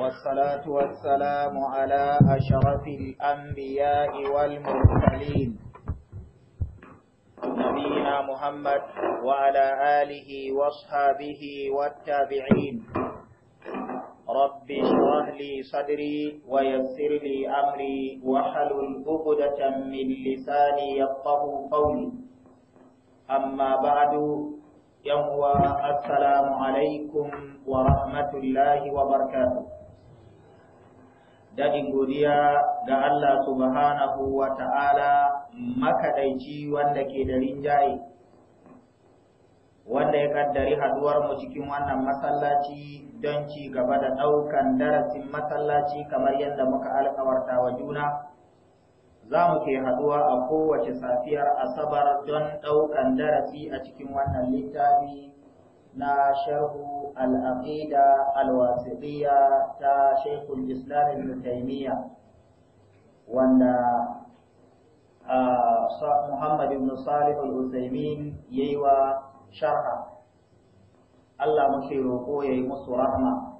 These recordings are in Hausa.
والصلاة والسلام على أشرف الأنبياء والمرسلين نبينا محمد وعلى آله واصحابه والتابعين رب اشرح لي صدري ويسر لي أمري وحلل عقدة من لساني يفقه قولي أما بعد يوم السلام عليكم ورحمة الله وبركاته daɗin godiya ga Allah subhanahu wa ta'ala makaɗaici wanda ke da rinjaye, wanda ya ƙaddari mu cikin wannan masallaci don ci gaba da ɗaukan darasin masallaci kamar yadda muka alkawarta wa juna. Za mu ke haɗuwa a kowace safiyar Asabar don ɗaukan darasi a cikin wannan littafi na sharhu al’aƙida alwasiriya ta shekul islamin taimiyya, wanda Muhammad ibn Salih al-Husaymin yayi wa sharha Allah mushi roƙo ya yi musu rahma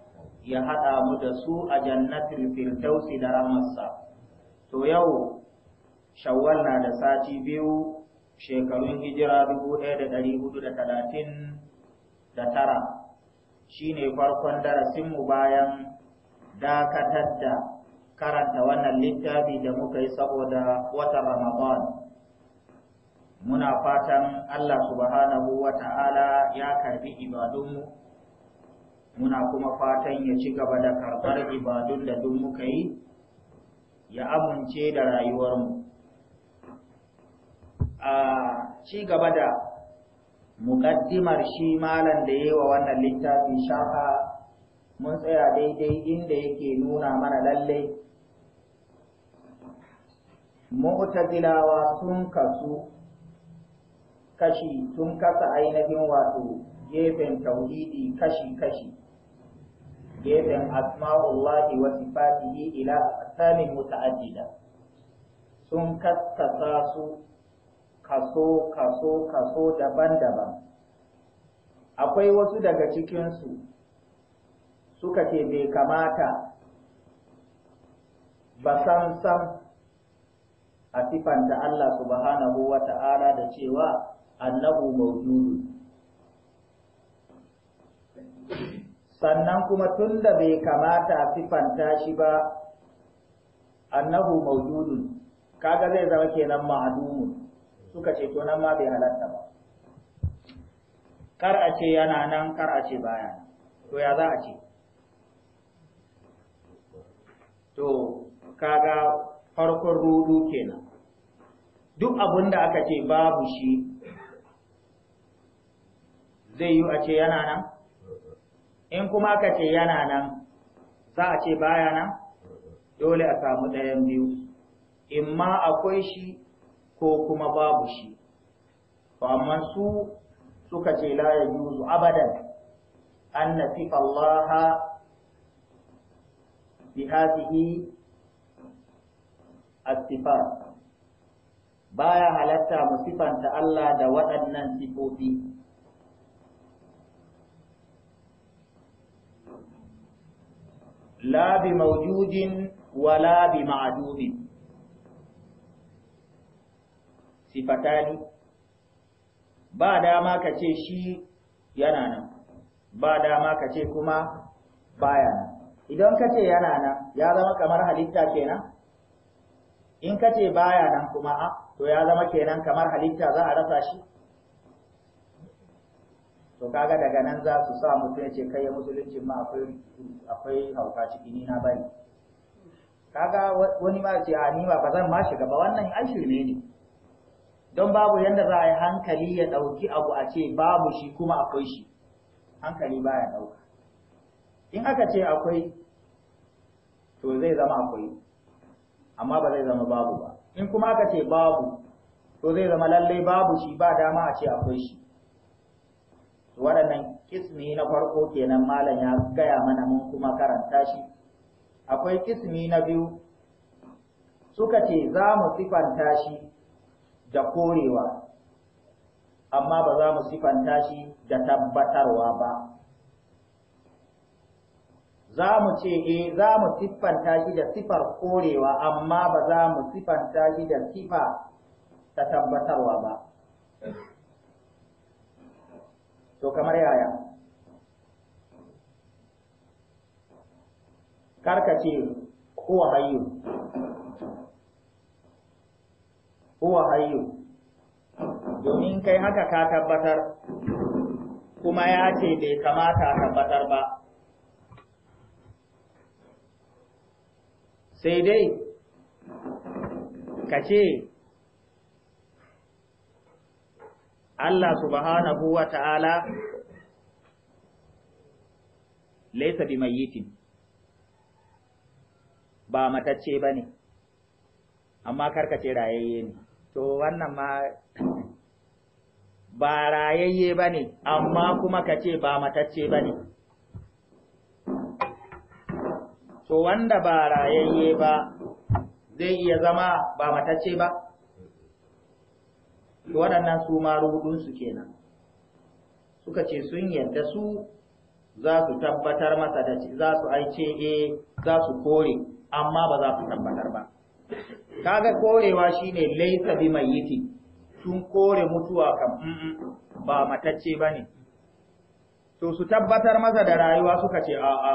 ya haɗa mu da su a jannatin firtausi da rahmarsa. To yau shawwal na da sati biyu shekarun hijira tara. Shi ne farkon darasinmu bayan dakatar da karanta wannan littafi da muka yi saboda wata Ramadan. Muna fatan Allah subhanahu wa ta'ala ya karbi ibadunmu, muna kuma fatan ya ci gaba da karɓar ibadun da duk muka yi, ya amince da rayuwarmu. A ci gaba da muƙaddimar shi malan da yi wa wannan littafin shafa mun tsaya daidai inda yake nuna mana lallai mu'tazilawa sun kasu kashi sun kasa ainihin wato gefen tauhidi kashi-kashi gefen asma'ullahi wa sifatihi ila asalin muta'addida sun kasa su kaso kaso kaso daban-daban akwai wasu daga cikinsu suka ce bai kamata ba san san a sifanta Allah subhanahu wa ta'ala da cewa annabu maujudu sannan kuma tun da bai kamata a sifanta shi ba annahu maujudu kaga zai zama kenan ma'adumun suka ce to nan ma bai halatta ba kar a ce yana nan kar a ce baya to ya za a ce to kaga farkon rudu kenan duk abin da aka ce babu shi zai yi a ce yana nan in kuma aka ce yana nan za a ce baya nan dole a samu ɗayan biyu In ma akwai shi ko kuma babu shi amma su suka ce la ya yuzu abadan an nasifa Allah bi hadhihi as baya halatta mu sifanta Allah da waɗannan sifofi la bi wa wala bi sifatani ba dama ka ce shi yana nan ba dama ka ce kuma baya nan idan ka ce yana nan ya zama kamar halitta kenan in ka ce baya nan kuma a to ya zama kenan kamar halitta za a rasa shi to kaga daga nan za su sa mutum ya ce kai ya musulunci ma akwai akwai hauka ciki ni na bari kaga wani ma ce a ni ba zan ma shiga ba wannan an shirme ne don babu yadda za a yi hankali ya ɗauki abu a ce babu shi kuma akwai shi hankali baya ɗauka in aka ce akwai to zai zama akwai amma ba zai zama babu ba in kuma aka ce babu to zai zama lallai babu shi ba dama a ce akwai shi waɗannan kismi na farko kenan malam ya gaya mana mun kuma karanta shi akwai kismi na biyu suka ce za mu sifanta shi da korewa amma ba za mu sifanta shi da tabbatarwa ba za mu ce eh za mu siffanta shi da sifar korewa amma ba za mu siffanta shi da sifa ta tabbatarwa ba to kamar yaya karka ce hayyu huwa hayyu domin kai haka ka tabbatar kuma ya ce bai kamata tabbatar ba sai dai ka ce Allah subhanahu wa ta'ala laisa bi mayyitin ba matacce ba ne amma karkace rayayye ne to wannan ma ba rayayye ba ne amma kuma ka ce ba matacce ba ne to wanda ba rayayye ba zai iya zama ba matacce ba to waɗannan su ma rudunsu kenan suka ce sun yarda su za su tabbatar masa da za su aice e eh, za su kore amma ba za su tabbatar ba kaga korewa shine laisa bi mayyiti tun kore mutuwa kam ba matacce bane to su tabbatar masa da rayuwa suka ce a a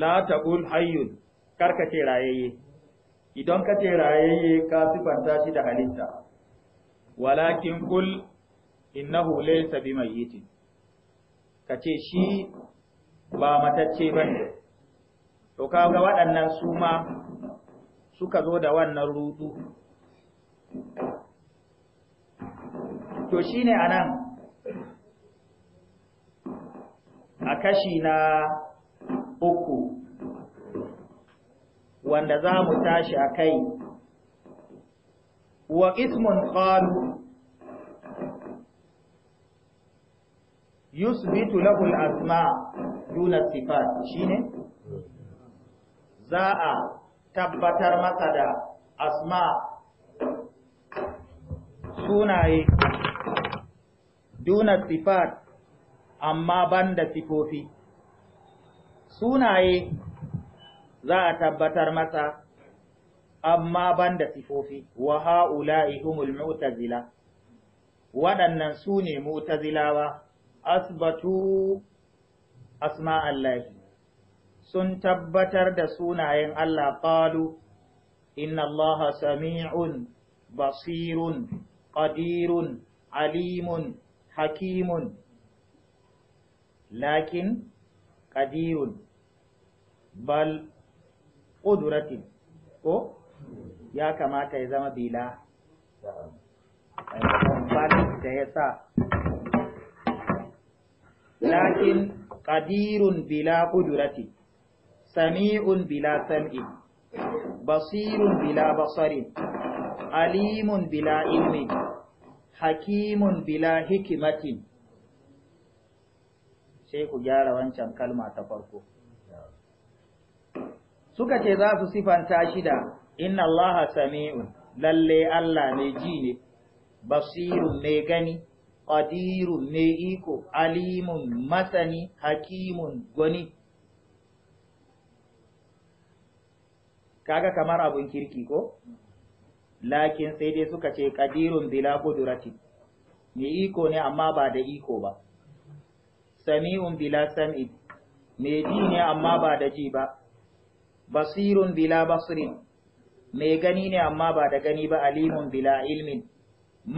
la taqul hayyun karka ce rayayye idan ka ce rayayye ka sifanta shi da halitta walakin kul innahu laysa bi mayyitin ka ce shi ba matacce bane to kaga waɗannan su ma suka zo da wannan rudu to shine anan a kashi na uku wanda za mu tashi a kai wa ismun ƙalu. yusbitu lahu asma duna sifat ne? za a tabbatar masa da asma sunaye duna sifat amma da sifofi sunaye za a tabbatar masa amma banda sifofi wa ha'ula'i humul mu'tazila waɗannan su ne mu'tazilawa asbatu asma'allahi sun tabbatar da sunayen Allah ƙalu, inna Allah sami'un basirun ƙadirun, alimun hakimun lakin ƙadirun, bal qudratin ko ya kamata ya zama bila da ya sa lakin ƙadirun, bila qudratin sami'un bila sam'i basirun bila basarin alimun bila ilmi hakimun bila hikimatin sai ku gyara wancan kalma ta farko suka ce za su sifanta shida. inna allaha sami'un lalle allah mai ji ne basirun mai gani qadirun mai iko alimun masani hakimun gwani kaga kamar abun kirki ko lakin sai dai suka ce qadirun bila qudratin ni iko ne amma ba da iko ba sami'un bila sam'i me ji ne amma ba da ji ba basirun bila basirin me gani ne amma ba da gani ba alimun bila ilmin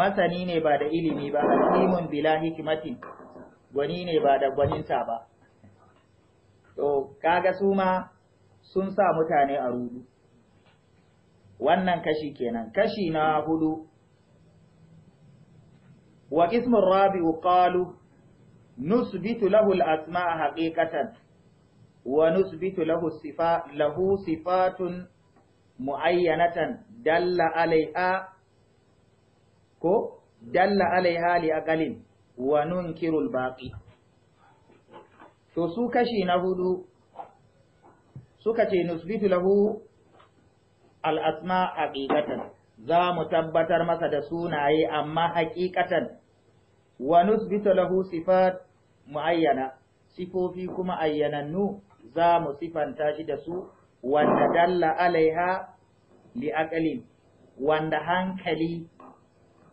masani ne ba da ilimi ba alimun bila hikimatin gwani ne ba da gwaninta ba to kaga su ma sun sa mutane a rudu wannan kashi kenan kashi na hudu wa ismin rabi'u qalu nusbitu lahu al-asma'a haqiqatan wa nusbitu lahu sifa lahu sifatun muayyanatan dalla alaiha ko dalla alaiha li aqalin wa nunkiru al-baqi to su kashi na hudu suka ce nusbitu lahu al'asma haƙiƙatan za mu tabbatar masa da sunaye amma haƙiƙatan wa nusbitu lahu sifat muayyana sifofi kuma ayyanannu za mu sifanta shi da su wanda dalla alaiha li'aqalin wanda hankali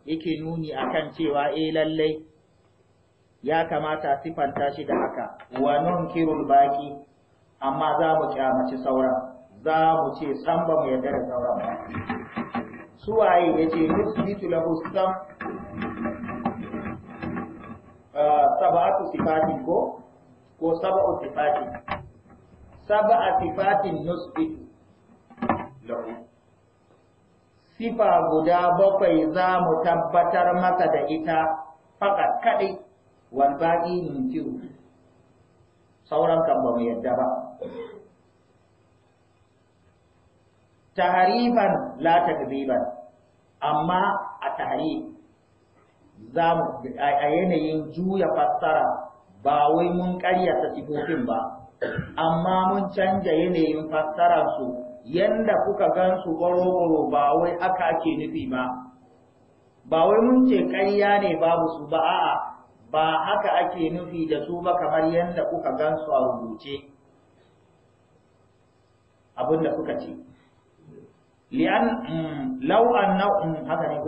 yake nuni akan cewa eh lallai ya kamata sifanta shi da haka wa nunkirul baki amma za mu kyamaci sauran za mu ce san ba mu yarda da sauran ba suwaye ya ce yusbitu lahu sam ah, sab'atu sifatin ko ko sab'u sifatin sab'a sifatin nusbitu lahu sifa guda bakwai za mu tabbatar maka da ita fakat kaɗai wani baƙi sauran kan ba mu yarda ba taharifan la takziban amma a tahrif za a yanayin juya fassara ba wai mun ƙaryata sifofin ba amma mun canja yanayin fassararsu yanda kuka gan su goro ba wai aka ake nufi ba ba wai mun ce ƙarya ne babu su ba a'a ba haka ake nufi da su ba kamar yanda kuka gan su a rubuce abinda kuka ce li'an law annahum mm, haka ne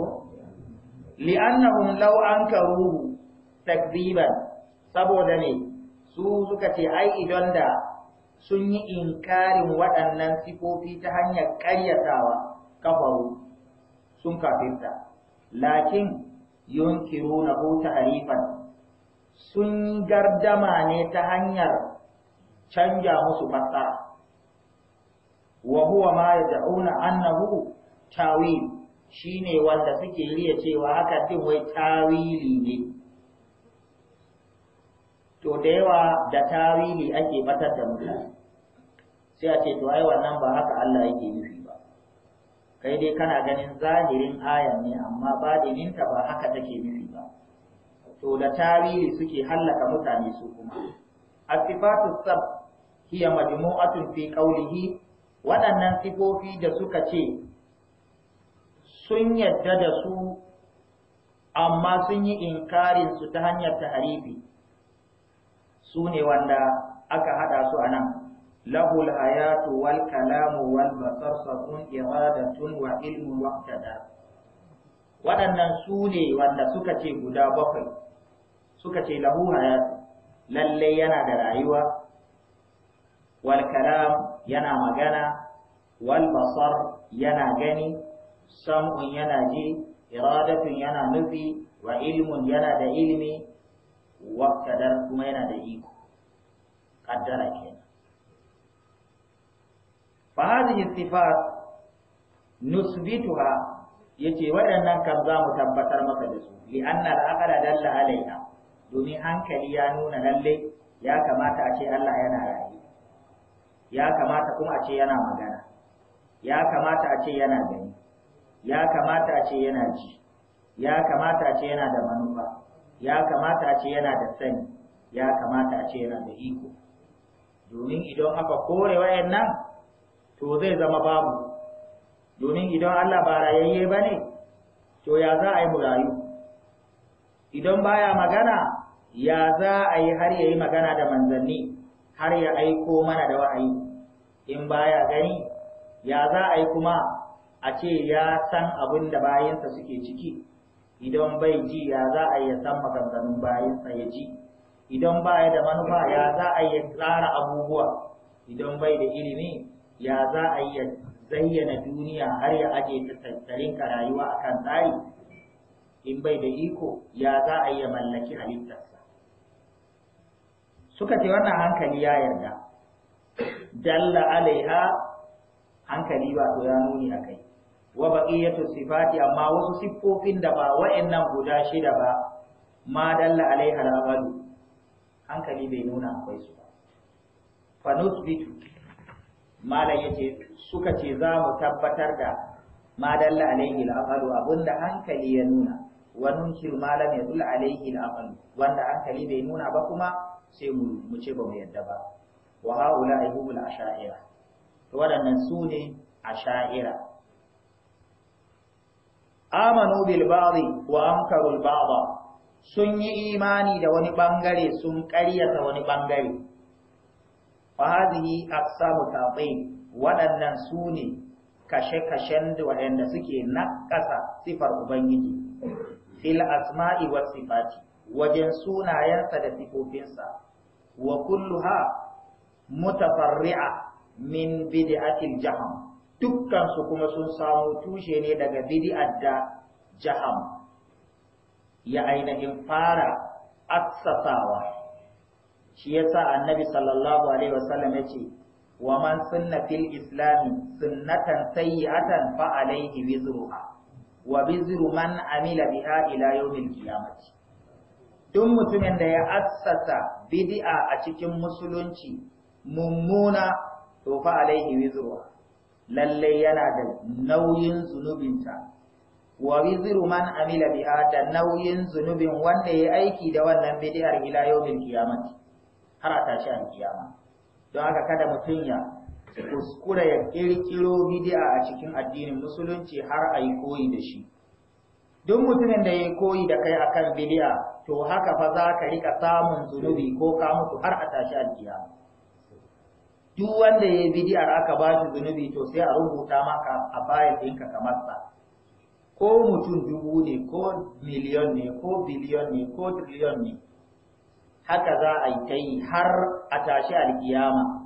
ko saboda ne su suka ce ai idan da sun yi inkarin waɗannan sifofi ta hanyar ƙaryatawa kafaru sun kafirta lakin yunkiru na ko ta'rifan sun gardama ne ta hanyar canja musu fassara wa huwa ma yad'una annahu tawil shine wanda suke riya cewa haka din wai tawili ne to da yawa da tawili ake batar da mutane sai a ce to ai wannan ba haka Allah yake nufi ba kai dai kana ganin zahirin ayan ne amma ta ba haka take nufi ba to da tawili suke hallaka mutane su kuma asifatu sab hiya majmu'atun fi qawlihi waɗannan sifofi da suka ce sun yadda da su amma sun yi inkarin su ta hanyar taharifi su ne wanda aka haɗa su a nan lahul hayatu wal kalamu wal basar sakun iradatun wa ilmu waqtada waɗannan su ne wanda suka ce guda bakwai suka ce lahu hayatu Lallai yana da rayuwa wal kalamu. yana magana wal basar yana gani sam'un yana ji iradatun yana nufi wa ilmun yana da ilimi wa kadar kuma yana da iko kaddara kenan fa hadhihi sifat nusbituha yace waɗannan kan za mu tabbatar maka da su li anna al-aqla dalla alaiha domin hankali ya nuna lalle ya kamata a ce Allah yana rayu ya kamata kuma a ce yana magana ya kamata a ce yana gani ya kamata a ce yana ji ya kamata a ce yana da manufa ya kamata a ce yana da sani ya kamata a ce yana da iko domin idan aka kore wayannan to zai zama babu domin idan Allah ba rayayye ba ne to ya za a yi murayu idan baya magana ya za a yi har ya yi magana da manzanni har ya aiko mana da wa'ayi in baya gani ya za a yi kuma a ce ya san abin da bayansa suke ciki idan bai ji ya za a ya san maganganun bayansa ya ji idan baya da manufa ya za a iya tsara abubuwa idan bai da ilimi ya za a ya zayyana duniya har ya aje ta tattalin rayuwa a kan tsari in bai da iko ya za a ya mallaki halittarsa suka ce wannan hankali ya yarda dalla alaiha hankali ba to ya nuni kai, wa baqiyatu sifati amma wasu siffofin da ba wa'annan guda shida ba ma dalla alaiha al hankali bai nuna akwai su ba fa nusbitu malam yace suka ce za mu tabbatar da ma dalla alaihi al abinda hankali ya nuna wa nunkiru malam ya dula alayhi al-amal wanda hankali bai nuna ba kuma sai mu mu ce ba mu yadda ba wa haula ihumul asha'ira to waɗannan su ne asha'ira amanu bil ba'di wa ankaru al sun yi imani da wani bangare sun ƙaryata wani bangare fa hadhihi aqsamu ta'til waɗannan su ne kashe-kashen da waɗanda suke naƙasa sifar ubangiji fil asma'i was sifati wajen sunayensa da sifofinsa wa kulluha mutafarri'a min bid'atil jaham dukkan su kuma sun samu tushe ne daga bid'ar da jaham ya ainihin fara assasawa shi yasa annabi sallallahu alaihi wasallam yace wa man sunna fil islami sunnatan sayyi'atan fa alaihi wizruha wa bizru man amila biha ila yawmil qiyamati duk mutumin da ya assasa bid'a a cikin musulunci mummuna to fa alaihi wizruha lalle yana da nauyin zunubinta wa biziru man amila biha da nauyin zunubin wanda ya aiki da wannan bid'ar ila yawmil qiyamati har a tashi an kiyama don haka kada mutum ya kuskura ya kirkiro bid'a a cikin addinin musulunci har a yi koyi da shi duk mutumin da ya koyi da kai akan bid'a to haka fa za ka rika samun zunubi ko ka mutu har a tashi alkiya duk wanda ya yi bid'ar aka ba shi zunubi to sai a rubuta maka a bayan ɗinka kamar sa ko mutum dubu ne ko miliyon ne ko biliyon ne ko triliyon ne haka za a yi ta yi har a tashi alkiyama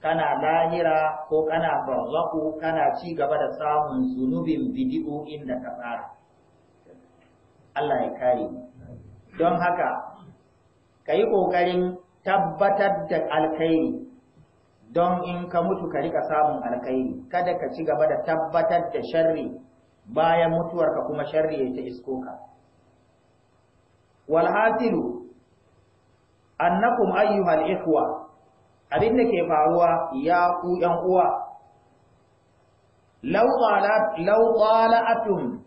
kana lahira ko kana barzaku kana ci gaba da samun zunubin bidi'u inda ka tsara Allah ya kare don haka ka yi ƙoƙarin tabbatar da alkhairi don in ka mutu ka rika samun alkhairi kada ka ci gaba da tabbatar da sharri bayan mutuwar ka kuma sharri ya ta isko ka walhasilu annakum ayyuhal ikhwa abin da ke faruwa ya ku ‘yan uwa, lauƙala'atun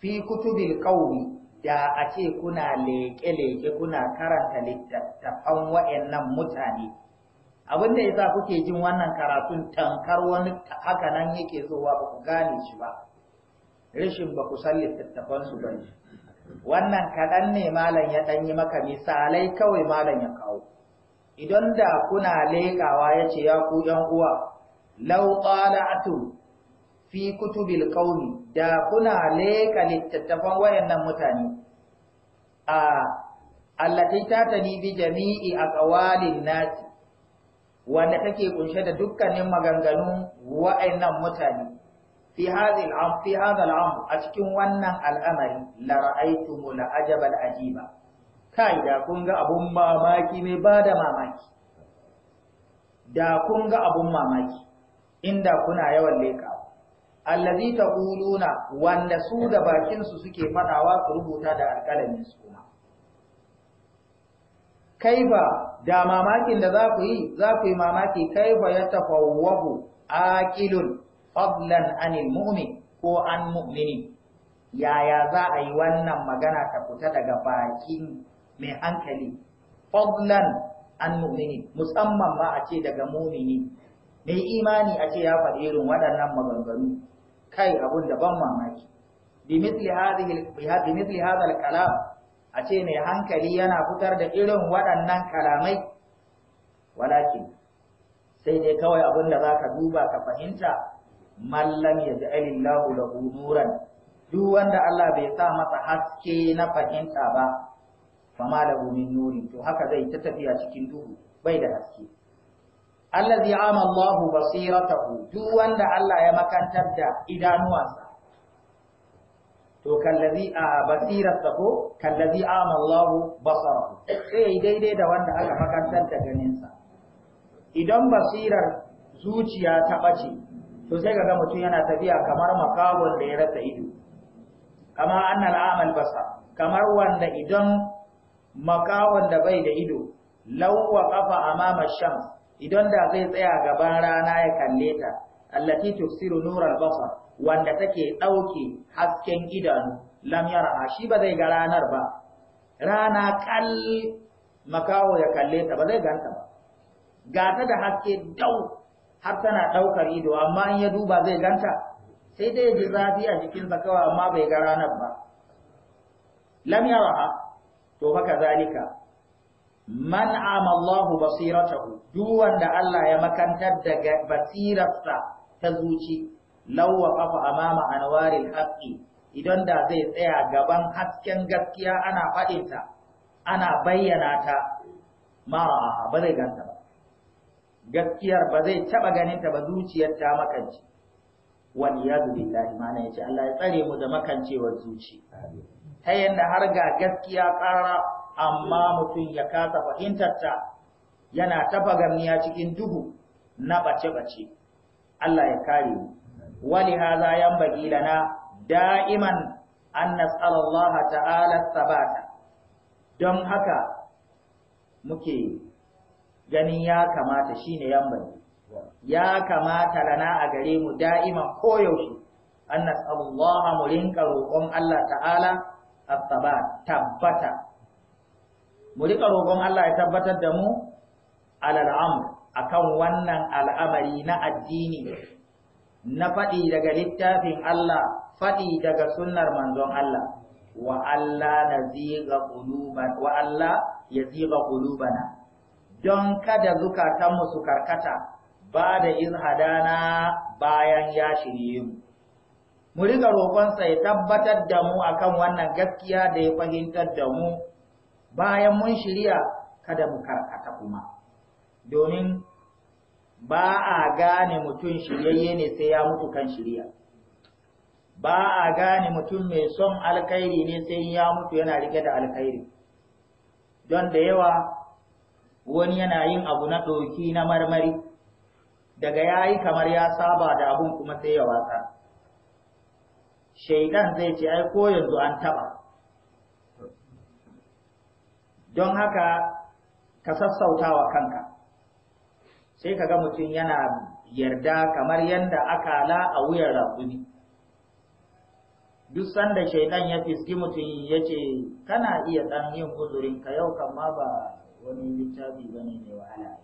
fi kutubil ƙauri da a ce kuna leke-leke kuna karanta littattafan wa'yannan mutane, abin da yasa kuke jin wannan karatun tankar wani haka nan yake zuwa ba ku gane shi ba, rashin ba ku san littattafansu ba wannan kaɗan ne malam ya ɗanyi maka misalai kawai malam ya kawo. idan da kuna leƙawa ya ce ya ku ‘yan uwa, lauƙala'atu fi kutubil ƙauni da kuna leƙa littattafan wayannan mutane, a allatai ta ni bi jami'i a ƙawalin nasi, wanda take kunshe da dukkanin maganganun wayannan mutane, fi hazal am a cikin wannan al'amari la ra'aitu mu la ajabal ajiba. kai da kun ga abun mamaki mai ba da mamaki da kun ga abun mamaki inda kuna yawan leka allazi taquluna wanda su da bakin su suke fadawa su rubuta da alƙalamin su kuma kaifa da mamakin da za ku yi za ku yi mamaki kaifa ya tafawwahu aqilun fadlan anil mu'min ko an mu'mini yaya za a yi wannan magana ta fita daga bakin mai hankali fadlan an mu'mini musamman ba a ce daga mu'mini mai imani a ce ya faɗi irin waɗannan maganganu kai abun da ban mamaki bi misli hadha kalam a ce mai hankali yana fitar da irin waɗannan kalamai walakin sai dai kawai abin da zaka duba ka fahimta mallam ya ja'alillahu lahu nuran duk wanda Allah bai sa masa haske na fahimta ba fama da min nuri to haka zai ta tafiya cikin duhu bai da haske allazi ama Allahu basiratahu duk wanda Allah ya makantar da idanuwansa to kallazi a basiratahu kallazi ama Allahu basarahu sai daidai da wanda aka makantar da ganinsa idan basirar zuciya ta bace to sai kaga mutum yana tafiya kamar makawon da ya rasa ido kama annal amal basar kamar wanda idan makawan da bai da ido lauwa kafa amama shams idan da zai tsaya gaban rana ya kalle ta allati tuksiru nural basar wanda take dauke hasken idanu lam yara shi ba zai ga ranar ba rana kal makawo ya kalle ta ba zai ganta ba gata da haske dau har tana daukar ido amma in ya duba zai ganta sai dai ji zafi a jikinsa kawai amma bai ga ranar ba lam yara to haka zalika man amallahu basiratahu duk wanda Allah ya makantar da basirarsa ta zuci lawa kafa amama anwaril haqqi idan da zai tsaya gaban hasken gaskiya ana faɗinta ana bayyana ta mara ba zai ganta ba gaskiyar ba zai taɓa ganinta ba zuciyar ta makanci wal yadu billahi mana ce, Allah ya tsare mu da makancewar zuci ta yadda har ga gaskiya ƙara amma mutum ya kasa fahimtarta yana ta fagamniya cikin duhu na bace-bace Allah ya kare mu wali haza yan bagi na da'iman an nas'ala ta'ala sabata don haka muke ganin ya kamata shine yan ya kamata lana a gare mu da'iman koyaushe an nas'ala mu rinka roƙon Allah ta'ala at tabbata mu rika roƙon Allah ya tabbatar da mu alal amr akan wannan al'amari na addini na faɗi daga littafin Allah faɗi daga sunnar manzon Allah wa Allah na ziga quluban wa Allah ya ziga qulubana don kada zukatanmu su karkata ba da izhadana bayan ya shirye mu mu riga roƙonsa ya tabbatar da mu akan wannan gaskiya da ya fahimtar da mu bayan mun shirya kada mu karkata kuma domin ba a gane mutum shiryayye ne sai ya mutu kan shirya ba a gane mutum mai son alkhairi ne sai ya mutu yana rike da alkhairi don da yawa wani yana yin abu na ɗoki na marmari daga yayi kamar ya saba da abun kuma sai ya watsa shaidan zai ce ai ko yanzu an taba don haka ka sassauta wa kanka sai ka ga mutum yana yarda kamar yadda aka la a wuyan raƙumi duk sanda shaidan ya fiski mutum ya ce kana iya ɗan yin uzurin ka yau kama ba wani littafi ba ne mai wahala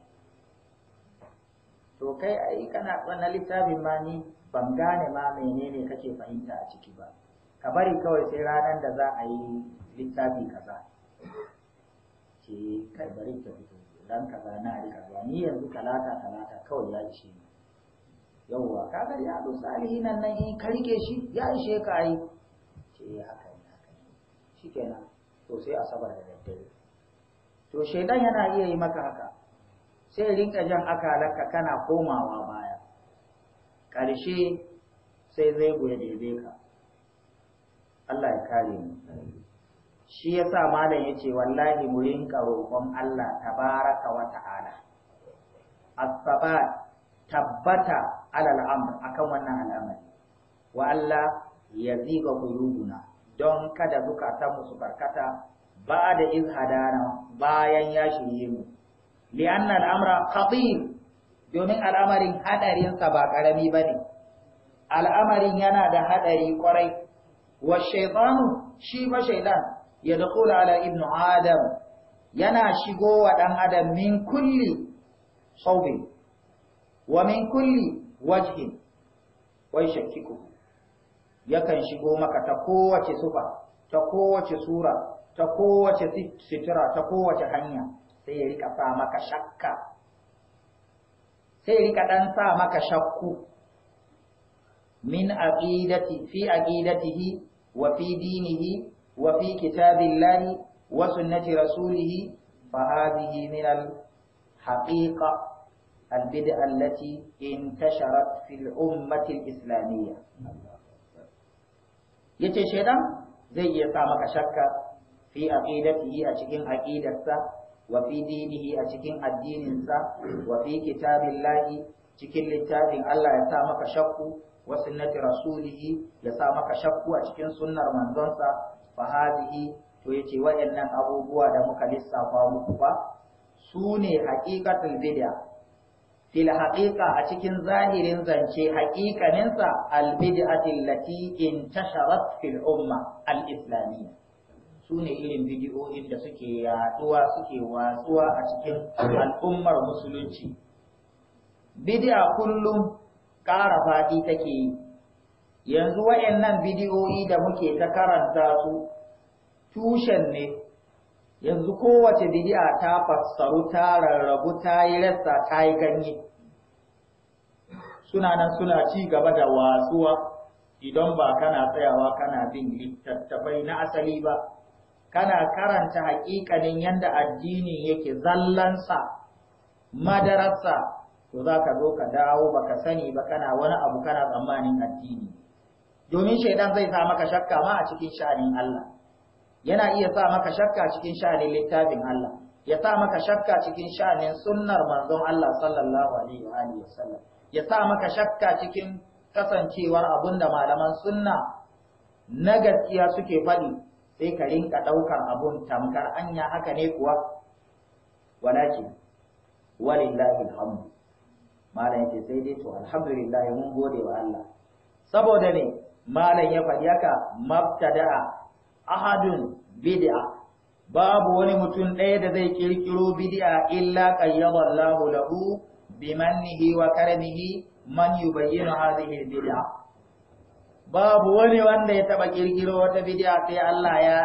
to kai ai kana wani littafin ma ni ban gane ma menene kake fahimta a ciki ba ka bari kawai sai ranar da za a yi littafi kaza ce kai bari ta fito ran kaza na rika zuwa ni yanzu talata talata kawai ya ishe ni yawwa kaga ya do salihin nan nan in ka rike shi ya ishe ka ai ce haka ne haka ne shikenan to sai asabar da daddare to shaidan yana iya yi maka haka sai rinka jan akalarka kana komawa ƙarshe sai zai da yabe ka Allah ya kare mu shi ya sa malam ya ce wallahi mu rinka roƙon Allah tabaraka wa ta'ala as-sabat tabbata alal amr akan wannan al'amari wa Allah ya ziga qulubuna don kada zukatan mu su karkata ba da izhadana hadana bayan ya shirye mu li'anna al-amra khatir domin al'amarin haɗarinsa ba ƙarami ba ne al'amarin yana da haɗari kwarai. wa shaitanu shi ma shaitan ya daƙula ala ibnu adam yana shigo wa ɗan adam min kulli saubin wa min kulli wajhin wai shakkiku yakan shigo maka ta kowace sufa ta kowace sura ta kowace sitira ta kowace hanya sai ya rika fa maka shakka sai rika ɗan sa maka shakku min aqidati fi aqidatihi wa fi dinihi wa fi kitabillahi wa sunnati rasulihi fa hadhihi min al haqiqa al bid'a allati intasharat fil ummati al islamiyya yace shedan zai iya sa maka shakka fi aqidatihi a cikin aqidarsa wa fi a cikin addininsa wa kitabillahi cikin littafin Allah ya sa maka shakku wa sunnati rasulihi ya sa maka shakku a cikin sunnar manzonsa fa to yace waɗannan abubuwa da muka lissafa muku fa su ne haqiqatul bid'a haƙiƙa a cikin zahirin zance haqiqaninsa al bid'atil lati intasharat fil umma al islamiyya su ne irin bidiyoyin da suke yaduwa suke watsuwa a cikin al'ummar musulunci bidi'a kullum ƙara faɗi take yi yanzu wayannan bidiyoyi da muke ta karanta su tushen ne yanzu kowace bidi'a ta fassaru ta rarrabu ta yi rasa, ta yi ganye suna nan suna ci gaba da watsuwa idan ba kana tsayawa kana bin littattafai na asali ba kana karanta haƙiƙanin yadda addini yake zallansa madararsa to za ka zo ka dawo ba ka sani ba kana wani abu kana tsammanin addini domin shaidan zai sa maka shakka ma a cikin sha'anin Allah yana iya sa maka shakka cikin sha'anin littafin Allah ya sa maka shakka cikin sha'anin sunnar manzon Allah sallallahu alaihi wa alihi wasallam ya sa maka shakka cikin kasancewar abinda malaman sunna na gaskiya suke faɗi sai ka rinka ɗaukar abun tamkar anya haka ne kuwa walakin walillahi alhamdu malam yake sai dai to alhamdulillah mun gode wa Allah saboda ne malam ya faɗi haka mabtada'a ahadun bid'a babu wani mutum ɗaya da zai kirkiro bid'a illa qayyada Allahu lahu bimannihi wa karamihi man yubayyinu hadhihi bid'a babu wani wanda ya taba kirkiro wata bid'a sai Allah ya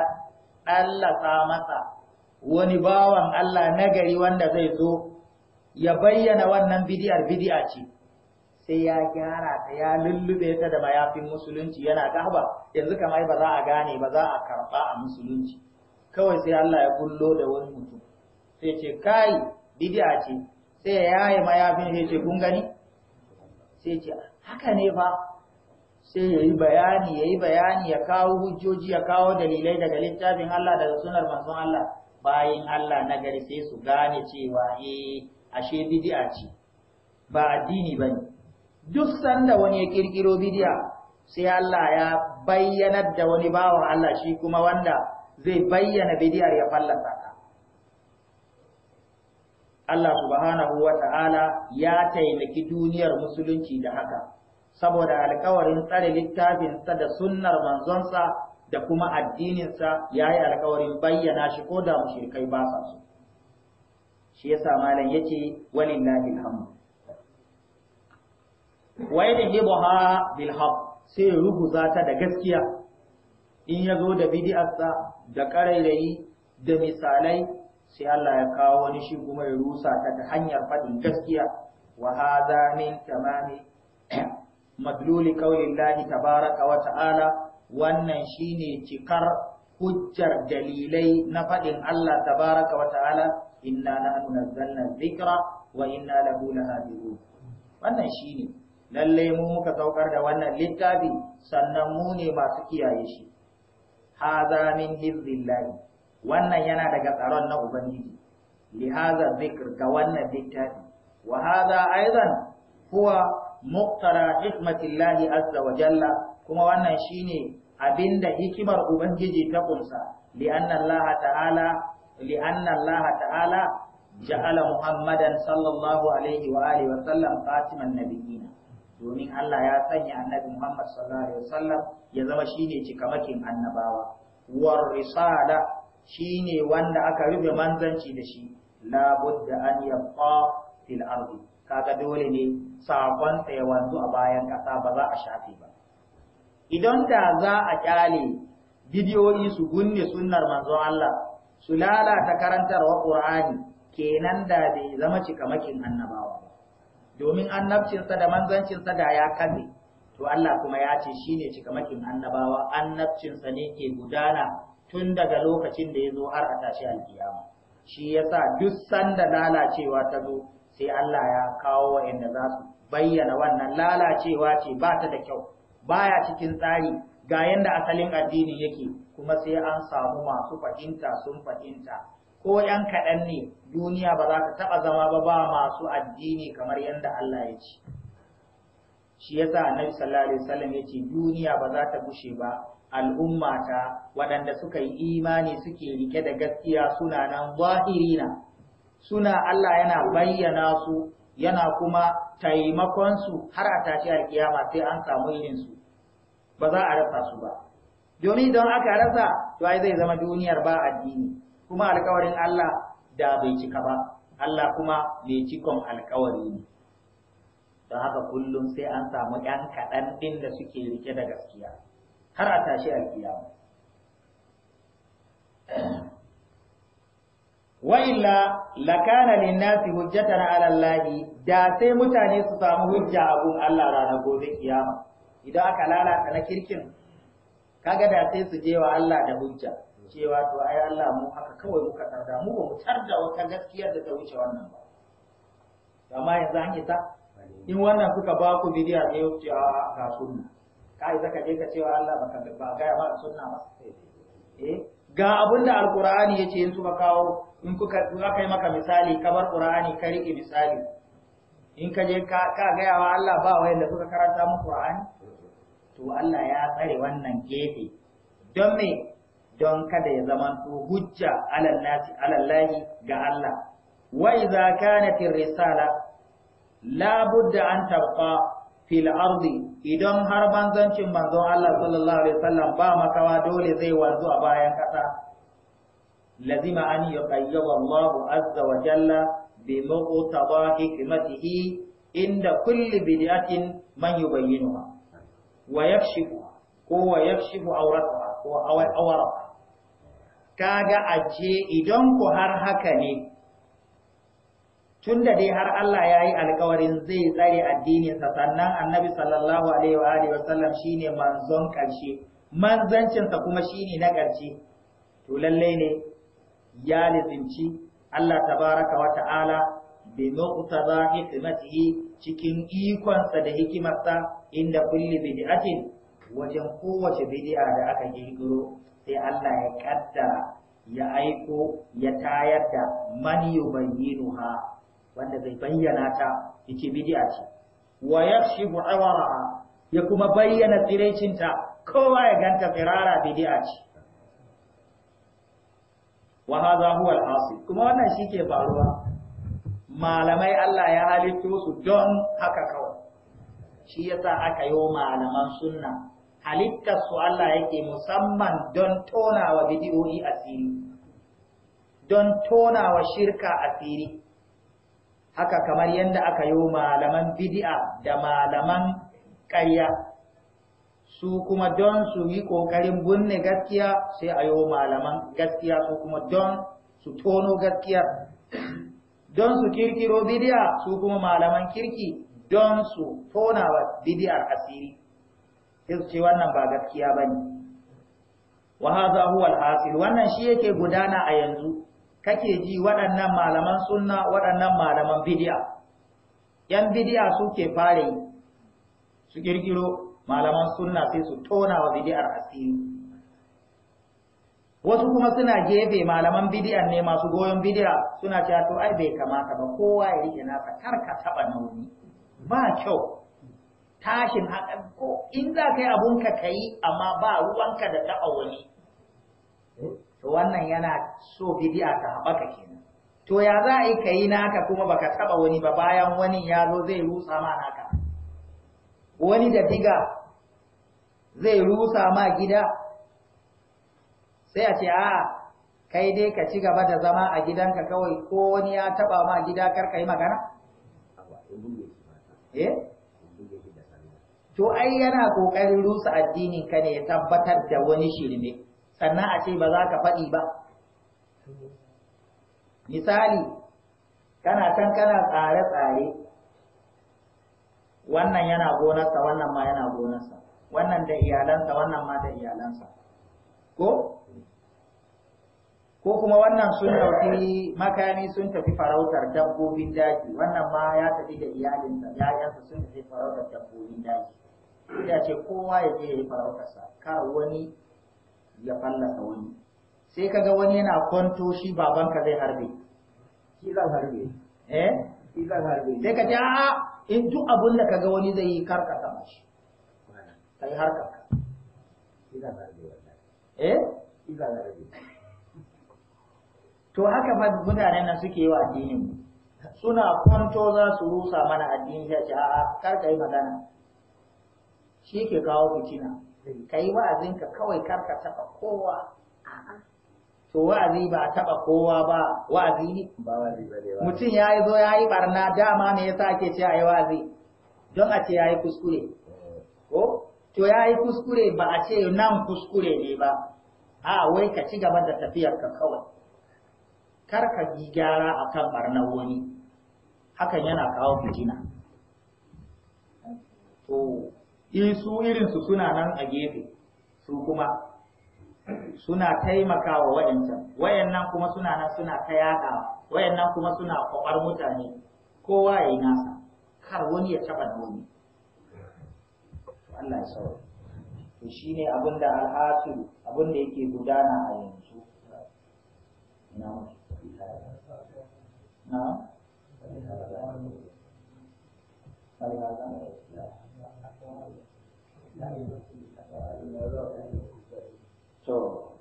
dallasa masa wani bawan Allah nagari wanda zai zo ya bayyana wannan bid'ar bid'a ce sai ya gyara ta ya lullube ta da mayafin musulunci yana gaba yanzu kamar ba za a gane ba za a karba a musulunci kawai sai Allah ya kullo da wani mutum sai ce kai bid'a ce sai ya yaye mayafin sai ce kun gani sai ce haka ne ba sai ya yi bayani ya yi bayani ya kawo hujjoji ya kawo dalilai daga littafin Allah daga sunar manzon Allah bayin Allah na gari sai su gane cewa eh ashe bid'a ce ba addini bane duk sanda wani ya kirkiro bid'a sai Allah ya bayyanar da wani bawa Allah shi kuma wanda zai bayyana bid'ar ya fallasa ta Allah subhanahu wa ta'ala ya taimaki duniyar musulunci da haka saboda alkawarin tsare littafinsa da sunnar manzonsa da kuma addininsa ya yi alkawarin bayyana shi ko da mushrikai ba sa so shi yasa malam yace walillahi alhamd wa yadhibuha bil haqq sai ruhu zata da gaskiya in yazo da bidi'arsa da karairayi da misalai sai Allah ya kawo wani shi kuma ya rusa ta ta hanyar faɗin gaskiya wa hadha min tamami madluli qaulillahi tabaraka wa ta'ala wannan shine cikar hujjar dalilai na faɗin Allah tabaraka wa ta'ala inna nahnu nazzalna dhikra wa inna lahu lahafizun wannan shine lalle mu muka saukar da wannan littafi sannan mu ne masu kiyaye shi hadha min hizbillahi wannan yana daga tsaron na ubangiji li hadha dhikr ga wannan littafi wa hadha aidan huwa muktara hikmatillahi azza wa jalla kuma wannan shine abinda hikimar ubangiji ta kunsa li'anna Allah ta'ala ta'ala ja'ala Muhammadan sallallahu alaihi wa alihi wa sallam khatiman nabiyina domin Allah ya sanya annabi Muhammad sallallahu alaihi wa sallam ya zama shine cikamakin annabawa war risala shine wanda aka rufe manzanci da shi la budda an yabqa fil ardi kaga dole ne sakon ya wanzu a bayan ƙasa ba za a shafe ba idan da za a ƙyale bidiyoyi su gunne sunnar manzo Allah su lalata karantar wa Qur'ani kenan da bai zama cikamakin annabawa ba domin annabcinsa da manzancinsa da ya kabe to Allah kuma ya ce shine cikamakin annabawa annabcinsa ne ke gudana tun daga lokacin da ya zo har a tashi alkiyama shi yasa duk sanda lalacewa ta zo sai Allah ya kawo wa'anda za su bayyana wannan lalacewa ce ba ta da kyau baya cikin tsari ga yanda asalin addini yake kuma sai an samu masu fahimta sun fahimta ko yan kaɗan ne duniya ba za ta taɓa zama ba ba masu addini kamar yadda Allah ya ce shi yasa annabi sallallahu alaihi wasallam ya ce duniya ba za ta gushe ba al'ummata waɗanda suka yi imani suke rike da gaskiya suna nan zahirina suna Allah yana bayyana su yana kuma taimakon su har a tashi alkiyama sai an samu irin su ba za a rasa su ba domin don aka rasa to ai zai zama duniyar ba addini kuma alkawarin Allah da bai cika ba Allah kuma mai cikon alkawari ne don haka kullum sai an samu ‘yan kaɗan ɗin da suke rike da gaskiya har a tashi alkiyama wa illa lakana linnasi hujjatan ala Allah da sai mutane su samu hujja abun Allah ranar gobe kiyama idan aka lalata na kirkin kaga da sai su je wa Allah da hujja cewa to ai Allah mu haka kawai muka tarda mu ba mu tarda wata gaskiya da ta wuce wannan ba amma yanzu an isa in wannan suka ba ku bidiya ne wuce a ga sunna ka isa je ka cewa Allah ba ka ba ga ba sunna ba eh ga abin da alkur'ani ya ce in suka kawo in kuka aka yi maka misali ka bar qur'ani ka rike misali in ka je ka gaya wa Allah ba wayan da suka karanta mu qur'ani to Allah ya tsare wannan gefe don me don kada ya zama to hujja alal nasi ga Allah wa idza kanat risala la budda an tabqa fil ardi idan har banzancin manzon Allah sallallahu alaihi wasallam ba makawa dole zai wanzu a bayan kasa lazima an yi yuqayyaba Allah azza wa jalla bi muqtada hikmatihi inda kulli bid'atin man yubayyinuha wa yakshifu ko wa yakshifu awrataha ko awrataha kaga ace idan ku har haka ne Tun da dai har Allah ya yi alkawarin zai tsare addininsa sannan annabi sallallahu alaihi wa alihi wasallam shine manzon karshe manzancinsa kuma shine na karshe to lalle ne ya lizinci Allah tabaraka wa ta'ala bi muqtada hikmatihi cikin ikonsa da hikimarsa inda kulli bid'atin wajen kowace bid'a da aka kirkiro sai Allah ya kaddara ya aiko ya tayar da man yubayyinuha wanda zai bayyana ta yake bid'a ce wa yakshibu awaraha ya kuma bayyana ta kowa ya ganta tsirara bid'a ce wa hadha huwa al kuma wannan shike faruwa malamai Allah ya halitto su don haka kawai shi yasa aka yi malaman sunna halittar su Allah yake musamman don tonawa bidiyoyi asiri don tonawa shirka asiri haka kamar yadda aka yi malaman bidi'a da malaman ƙarya su kuma don su yi ƙoƙarin bunne gaskiya sai a yi malaman gaskiya su kuma don su tono gaskiya don su kirkiro bidi'a, su kuma malaman kirki don su tona wa asiri sai su ce wannan ba gaskiya bane wa hadha huwa al-hasil wannan shi yake gudana a yanzu kake ji waɗannan malaman sunna waɗannan malaman bidiya yan bidiya suke fara yi su ƙirƙiro malaman sunna sai su tona wa bidiyar asiri wasu kuma suna gefe malaman bidiyar ne masu goyon bidiya suna cewa to ai bai kamata ba kowa ya rike nasa kar ka taɓa nauni ba kyau tashin hakan ko in za ka yi abunka ka yi amma ba ruwanka da taɓa wani to wannan yana so bid'a ta haɓaka kenan to ya za a yi kayi naka kuma baka taɓa wani ba bayan wani ya zo zai rusa ma naka wani da diga zai rusa ma gida sai a ce a'a kai dai ka ci gaba da zama a gidanka kawai ko wani ya taba ma gida kar ka yi magana? Eh? To ai yana ƙoƙarin rusa addinin ka ne ya tabbatar da wani shirme. sannan a ce ba za ka faɗi ba misali kana can kana tsare-tsare wannan yana gonarsa wannan ma yana gonarsa wannan da iyalansa wannan ma da iyalansa ko ko kuma wannan sun dauki makami sun tafi farautar dabbobin daji wannan ma ya tafi da iyalinsa yayansa sun tafi farautar dabbobin daji ya ce kowa ya je ya yi farautarsa kar wani ya fallasa wani sai kaga wani yana kwanto shi babanka zai harbe shi zai harbe eh shi zai harbe sai ka ce a in duk abin da kaga wani zai yi karkata mashi shi kai ka shi zai harbe wallahi eh shi zai harbe to haka fa mutanen nan suke yi wa addinin suna kwanto za su rusa mana addini ya ce a'a kar ka yi magana shi ke kawo fitina ka yi wa'azinka kawai karka taɓa kowa to wa'azi ba a taɓa kowa ba wa'azi ne mutum ya yi zo ya yi barna dama me yasa ake ce a yi wa'azi don a ce ya yi kuskure ko to ya yi kuskure ba a ce nan kuskure ne ba a wai ka ci gaba da ka kawai kar ka gyara a kan woni? wani hakan yana kawo fitina to su irinsu suna nan a gefe su kuma suna taimakawa waɗancan wayannan kuma suna nan suna ta yaɗa wayannan kuma suna kwabar mutane kowa ya yi nasa kar wani ya taɓa da wani Allah ya saurari to shine abin da al'asiru abin da yake gudana a yanzu na na to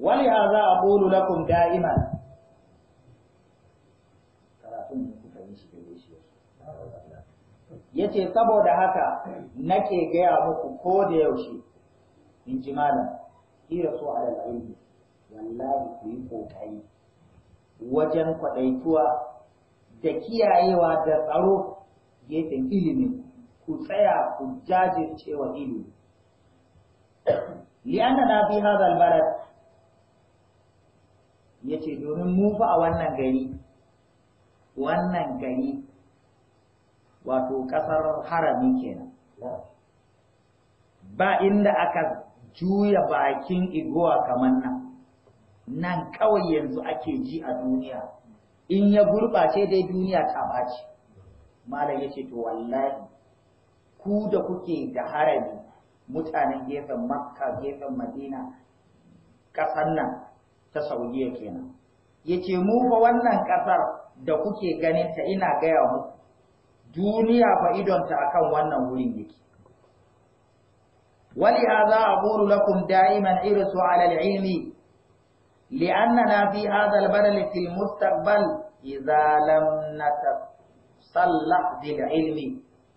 wani ya za a ƙulu kun da'ima, karatun ne kuka yi shi gare shi ya ce saboda haka nake gaya muku ko da yaushe in ji malam kira so a lalari wallahi ku yi ƙoƙari. wajen kwaɗaituwa da kiyayewa da tsaro gefen ilimi ku tsaya ku jajirce wa ilimi na fi hadha al yace domin mu fa a wannan gari wannan gari wato ƙasar harami kenan ba inda aka juya bakin igowa kamar nan nan kawai yanzu ake ji a duniya in ya gurɓace dai duniya ta bace. malam yace to wallahi ku da kuke da harami mutanen gefen makka gefen madina ƙasar nan ta saudiya kenan yace mu fa wannan ƙasar da kuke ganin ta ina gaya muku duniya fa idonta akan wannan wurin yake ولهذا أقول لكم دائما ارسوا على العلم لأننا في هذا البلد في المستقبل إذا لم نتق salla bil ilmi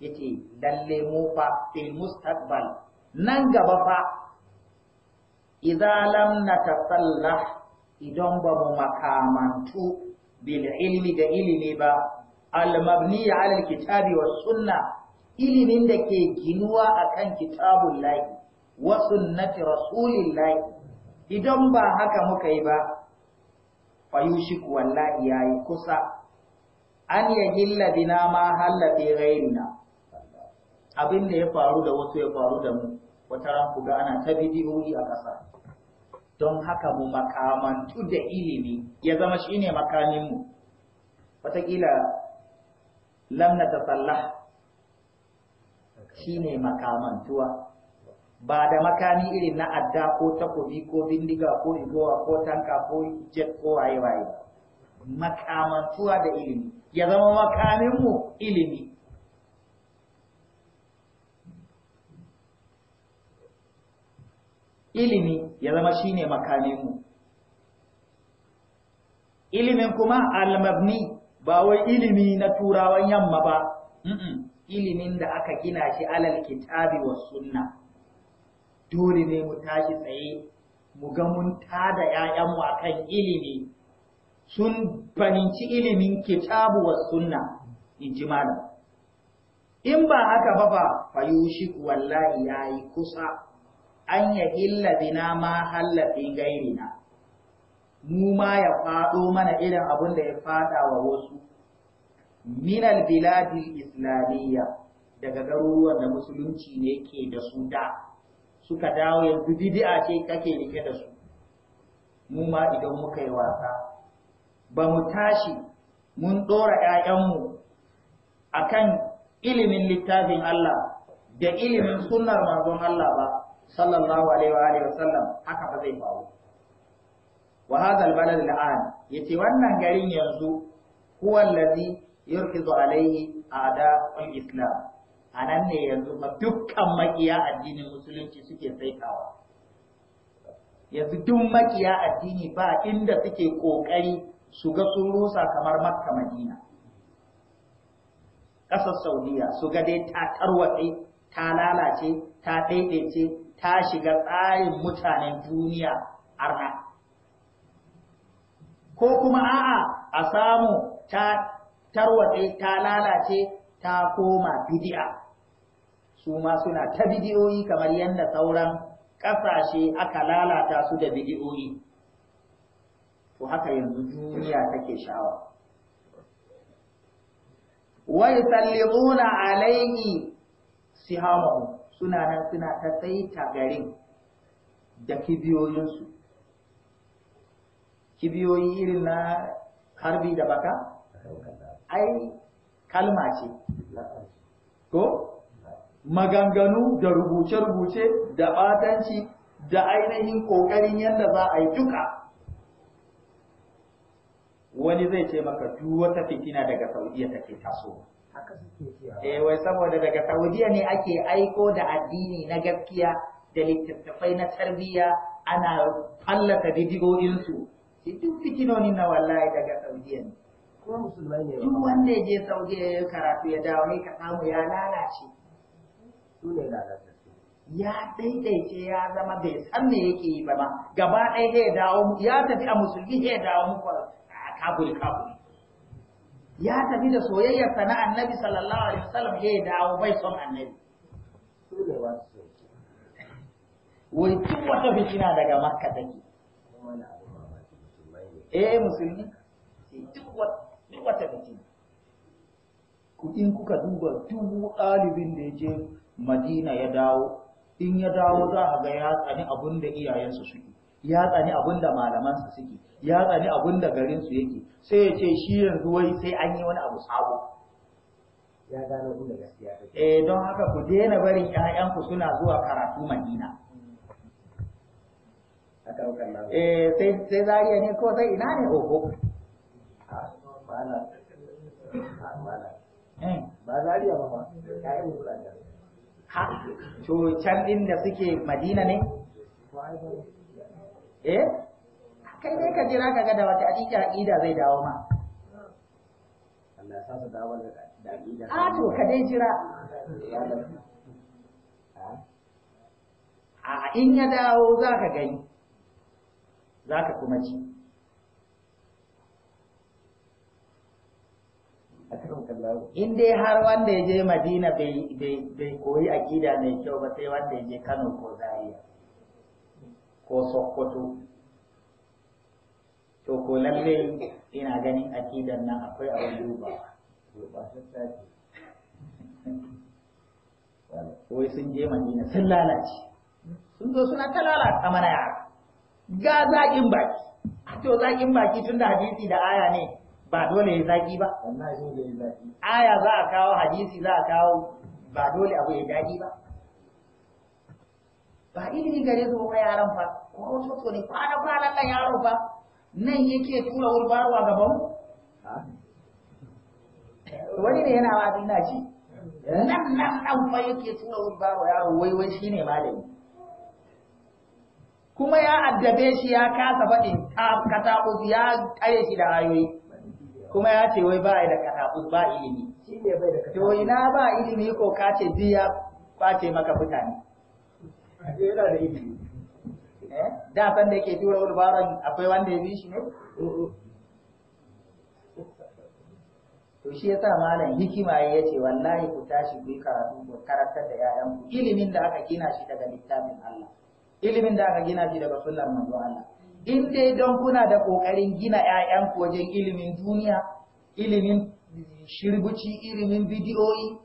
yace lalle mu fa fil mustaqbal nan gaba fa idza lam natasallah idan ba mu makamantu bil ilmi da ilimi ba al mabni ala al kitabi was sunna ilimin da ke ginuwa akan kitabullahi wa sunnati rasulillahi idan ba haka muka yi ba fayushik wallahi yayi kusa an ya hilla bina ma halla fi ghairina abin da ya faru da wasu ya faru da mu wata ran ku ga ana ta bidiyoyi a ƙasa don haka mu makamantu da ilimi ya zama shine makamin mu wataƙila lam shi ne makamantuwa ba da makami irin na adda ko takobi ko bindiga ko igowa ko tanka ko jet ko waye waye ba makamantuwa da ilimi ya zama makaminmu ilimi ilimi ya zama shine makaminmu ilimin kuma almabni ba wai ilimi na turawan yamma ba ilimin da aka gina shi alal kitabi wa sunna dole ne mu tashi tsaye mu ga mun tada a akan ilimi sun fahimci ilimin kitabu wa sunna in ji malam in ba haka ba fa wallahi yayi kusa an ya illa bina ma hallafin gairina mu ma ya faɗo mana irin abun da ya faɗa wa wasu minal biladil islamiyya daga garuruwan da musulunci ne ke da su da suka dawo yanzu bid'a ce kake rike da su mu ma idan muka yi wasa ba mu tashi mun ɗora ‘ya'yanmu a kan ilimin littafin Allah da ilimin sunnar manzon Allah ba, sallallahu Alaihi wa sallam haka ba zai faru. Wa hadal balad al'an yace wannan garin yanzu huwa allazi yurhizu alaihi a'da'ul a anan ne yanzu ma dukkan makiya addinin musulunci suke saikawa yanzu duk maƙiya addini ba inda suke ƙoƙari. su ga sun rusa kamar makka madina ƙasar saudiya su ga dai ta tarwatse ta lalace ta daidaice ta shiga tsarin mutanen duniya arna ko kuma a'a a samu ta tarwatse ta lalace ta koma bidi'a su ma suna ta bidiyoyi kamar yadda sauran ƙasashe aka lalata su da bidiyoyi to haka yanzu duniya take sha'awa wa yusallimuna alaihi sihamahu suna nan suna ta tsaita garin da kibiyoyinsu kibiyoyi irin na harbi da baka ai kalma ce ko maganganu da rubuce-rubuce da batanci da ainihin ƙoƙarin yadda za a yi duka wani zai ce maka duk wata fitina daga Saudiya take taso eh wai saboda daga Saudiya ne ake aiko da addini na gaskiya da littattafai na tarbiyya ana fallata bidigoyin su duk fitinoni na wallahi daga Saudiya ne duk wanda ya je Saudiya ya karatu ya dawo ne ka samu ya lalace su ne lalace ya daidaice ya zama bai san me yake yi ba ma gaba ɗaya ya dawo ya tafi a musulmi ya dawo muku abul qabr ya tafi da soyayyar sana annabi sallallahu alaihi wasallam ya dawo bai son annabi wai duk wata fitina daga makka take eh musulmi duk wata fitina in kuka duba dubu ɗalibin da ya je madina ya dawo in ya dawo za a ga ya tsani abin da iyayensu suke ya tsani abin da malamansa suke ya tsani abin da garin su yake sai ya ce shi yanzu wai sai an yi wani abu sabo ya gano inda gaskiya ta eh don haka ku daina barin ku suna zuwa karatu Madina eh sai sai zariya ne ko sai ina ne oho ah, a ah, Ba na. eh ba zariya ba ma kai mu kula ha to can din da suke Madina ne eh kai dai ka jira ka ga da wata a ƙida zai dawo ma a to ka dai jira a in ya dawo za ka gani za ka kuma ci in dai har wanda ya je madina bai koyi ƙida mai kyau ba sai wanda ya je kano ko zaria ko sokoto to ko lalle ina ganin akidan nan akwai abin duba duba sun sace wai sun je madina sun lalace sun zo suna ta lalata mana yara ga zaƙin baki to zaƙin baki tun da hadisi da aya ne ba dole ya zaƙi ba aya za a kawo hadisi za a kawo ba dole abu ya daɗi ba ba ilimi gare zo ba yaran fa kuma wasu ne kwana kwana kan yaro fa nan yake tura wurbawa gaban wani ne yana wa'azi na ci nan nan nan fa yake tura wurbawa yaro wai wai shine malami kuma ya addabe shi ya kasa faɗin katakus ya kare shi da ayoyi kuma ya ce wai ba da katakus ba ilimi to ina ba ilimi ko kace ce ya kwace maka mutane yana da ilimi Eh? da san da yake akwai wanda ya bi shi to shi yasa malam hikima ya ce wallahi ku tashi ku karatu ku karatar da yayan ku ilimin da aka gina shi daga littafin Allah ilimin da aka gina shi daga sunnar manzo Allah in dai don kuna da kokarin gina yayan ku wajen ilimin duniya ilimin shirbuci ilimin bidiyoyi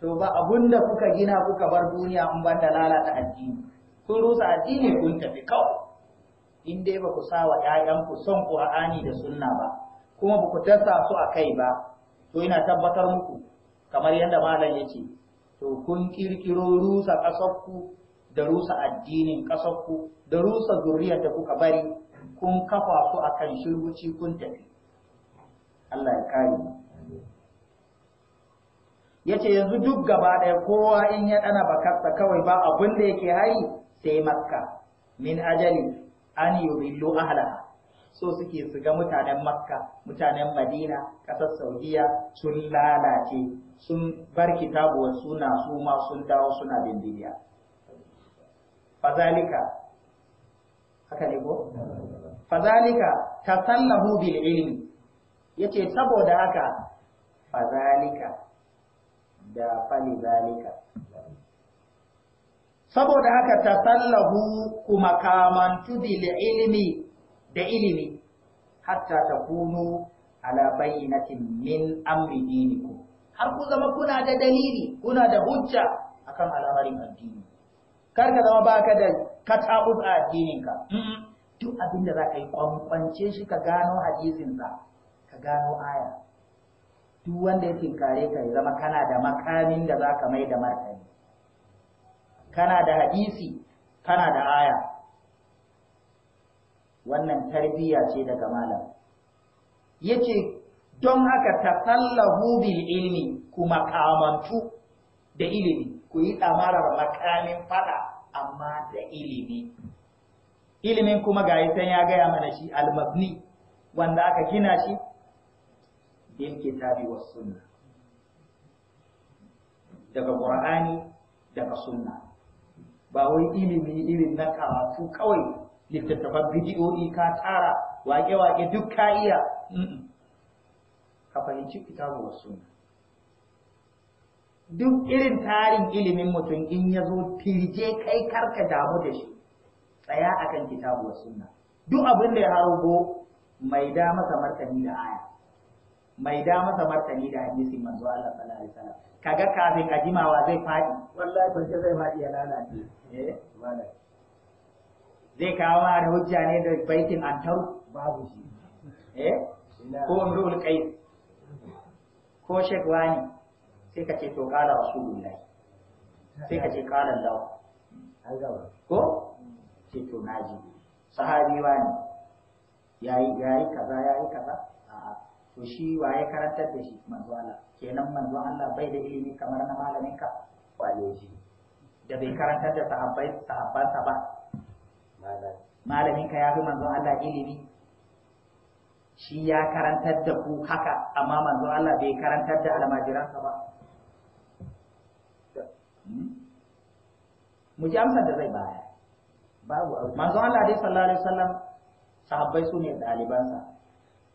to ba da kuka gina kuka bar duniya in banda lalata addini kun rusa addini kun tafi kawai in dai ba ku sa wa ‘ya'yanku son ƙur'ani da sunna ba kuma ba ku tasa su a kai ba to ina tabbatar muku kamar yadda malam ya to kun kirkiro rusa ƙasarku da rusa addinin ƙasarku da rusa zuriyar da kuka bari kun kafa su a kan shirguci kun tafi Allah ya kare mu ya yanzu duk gaba ɗaya kowa in ya ɗana bakarsa kawai ba abin da yake hayi sai makka min ajali an yudillu ahlaha so suke su ga mutanen makka mutanen madina ƙasar saudiya sun lalace sun bar kitabuwar suna su ma sun dawo suna bindiya fazalika haka ne ko fazalika tasallahu bil ilmi yace saboda haka fazalika da fali zalika saboda haka ta tasallahu kuma tudi da ilimi, da ilimi hatta kunu, ala bayyinatin min amri har ku zama kuna da dalili kuna da hujja akan al'amarin addini kar ka zama baka da katabu a addininka duk abinda da zaka yi kwankwance shi ka gano hadisin sa ka gano aya duk wanda ya tinkare ka ya zama kana da makamin da za ka mai da martani kana da hadisi kana da aya wannan tarbiyya ce daga malam yace don haka tasallahu bil ilmi kuma kamantu da ilimi ku yi tsamarar makamin fada amma da ilimi ilimin kuma ga ya gaya mana shi al almabni wanda aka gina shi bil kitabi was sunna daga qur'ani daga sunna ba wai ilimi irin na karatu kawai littattafan bidiyoyi ka tara wake-wake duk ka iya ka fahimci kitabu wa duk irin tarin ilimin mutum in ya zo tirje kai karka damu da shi tsaya akan kitabu wa sunna duk abinda da ya go mai dama kamar martani da aya mai da masa martani da hadisin manzo Allah sallallahu alaihi wasallam kaga kafin a jimawa zai fadi wallahi ban ce zai fadi ya lalace eh zai kawo ma da hujja ne da baitin antar babu shi eh ko umrul qais ko shek wani sai ka ce to kala rasulullahi sai ka ce kala Allah an ko ce to naji sahabi wani yayi yayi kaza yayi kaza a'a to shi waye karantar da shi manzo Allah kenan manzo Allah bai da ilimi kamar na malamin ka wale shi da bai karantar da sahabbai sahabbansa ba malamin ka ya fi manzo Allah ilimi shi ya karantar da ku haka amma manzo Allah bai karantar da sa ba hmm? mu ji amsar da zai baya babu manzo Allah dai sallallahu alaihi wasallam sahabbai su ne dalibansa.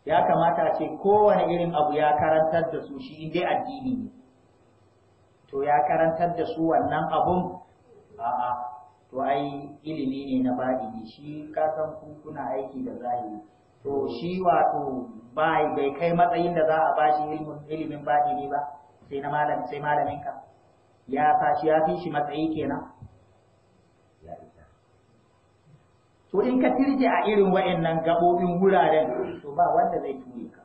ya kamata a ce kowane irin abu ya karantar da su shi dai addini ne to ya karantar da su wannan abun a'a to ai ilimi ne na baɗini shi kasan kuna aiki da zahiri to shi wato bai bai kai matsayin da za a bashi ilimin ilimin baɗini ba sai na malam sai malamin ka ya fashi ya fi shi matsayi kenan to in ka tirje a irin wa'annan gabobin wuraren to ba wanda zai tuye ka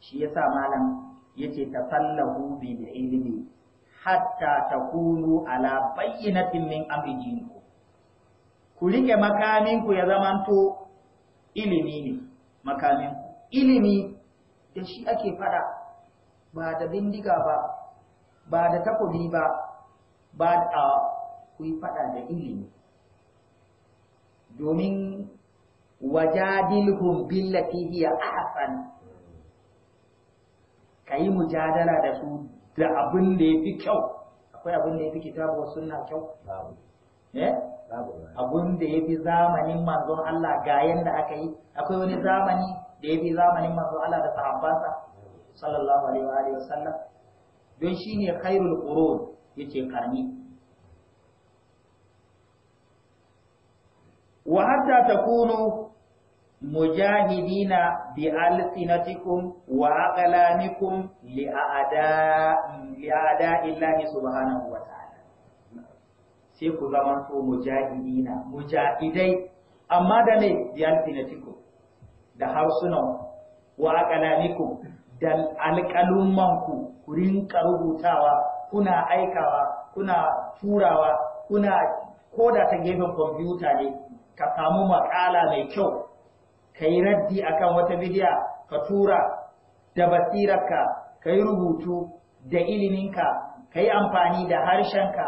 shi yasa malam yace sallahu bi ilmi hatta ta kunu ala bayyinatin min amrijinku ku rike ku ya zamanto ilimi ne makamin ilimi da shi ake fada ba da bindiga ba ba da takobi ba ba a ku yi faɗa da ilimi domin wajadilhum billati hiya ahsan kayi mujadala da su da abin da yafi kyau akwai abin da yafi kitabu wa sunna kyau eh abin da yafi zamanin manzon Allah ga yanda aka yi akwai wani zamani da yafi zamanin manzon Allah da sahabbansa sallallahu alaihi wa alihi wasallam don shine khairul qurun yace karni wa hatta takunu mujahidina bi alsinatikum wa aqlamikum li aada li aada illahi subhanahu wa ta'ala sai ku mujahidai amma da ne da harsunan wa da alqalumman ku rinka rubutawa kuna aikawa kuna turawa kuna ko da ta gefen kwamfuta ne ka samu makala mai kyau ka yi raddi kan wata bidiya ka tura da basirarka ka yi rubutu da iliminka ka yi amfani da harshenka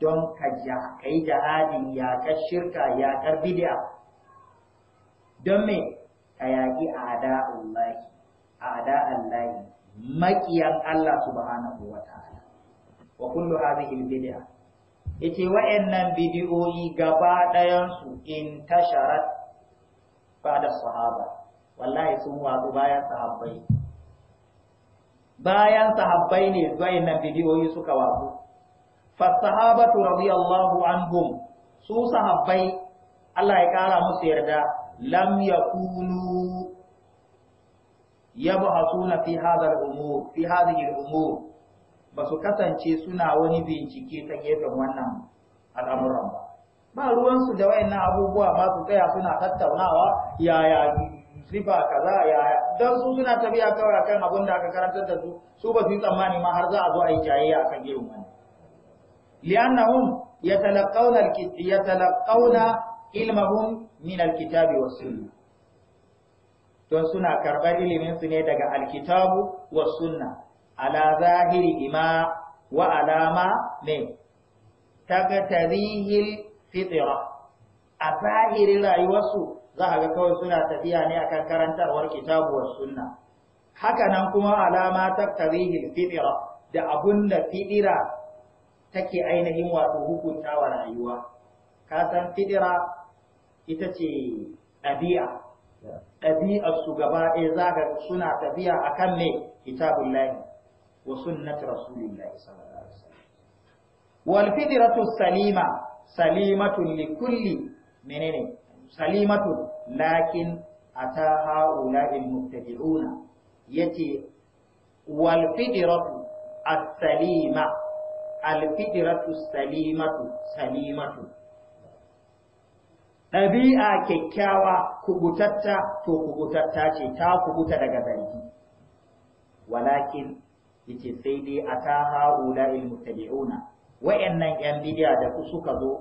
don ka yi jihadin yaƙar shirka yaƙar bidiya don me ka yaƙi ada Allah ada Allah maƙiyan Allah subhanahu wa ta'ala wa kullu hadhihi bid'a yace wa'annan bidiyoyi gaba ɗayansu in tasharat ba da sahaba wallahi sun watsu bayan sahabbai bayan sahabbai ne wa'annan bidiyoyi suka watsu fasahabatu radiyallahu anhum su sahabbai Allah ya kara musu yarda lam yakunu yabhasuna fi hadha umur fi hadhihi al-umur ba su kasance suna wani bincike ta gefen wannan al'amuran ba ba ruwansu da wayannan abubuwa ba su tsaya suna tattaunawa yaya sifa kaza yaya dan su suna tafiya kawai akan abin da aka karantar da su su ba su yi tsammani ma har za a zo a yi jayayya akan irin wannan li'annahum yatalaqawna yatalaqawna ilmahum min alkitabi was sunnah don suna karɓar iliminsu ne daga alkitabu wa sunna ala zahiri ima wa alama ne taqtarihil fitra a zahirin rayuwarsu za a ga kawai suna tafiya ne akan karantarwar kitabuwar sunna haka nan kuma alama ta taqtarihil fiɗira da abun da fitira take ainihin wato hukunta wa rayuwa ka san fitira ita ce ɗabi'a ɗabi'ar su gaba ɗaya za suna tafiya akan ne kitabullahi wa sunnati rasulillahi sallallahu alaihi wasallam wal fitratu salima Salimatu likulli. kulli menene salimatun lakin ata haula al mubtadi'una yace wal fitratu as-salima al salimatu salimatu ɗabi'a kyakkyawa kubutatta to kubutatta ce ta kubuta daga zargi walakin yace sai dai ata haula il mutabi'una wayannan yan bid'a da ku suka zo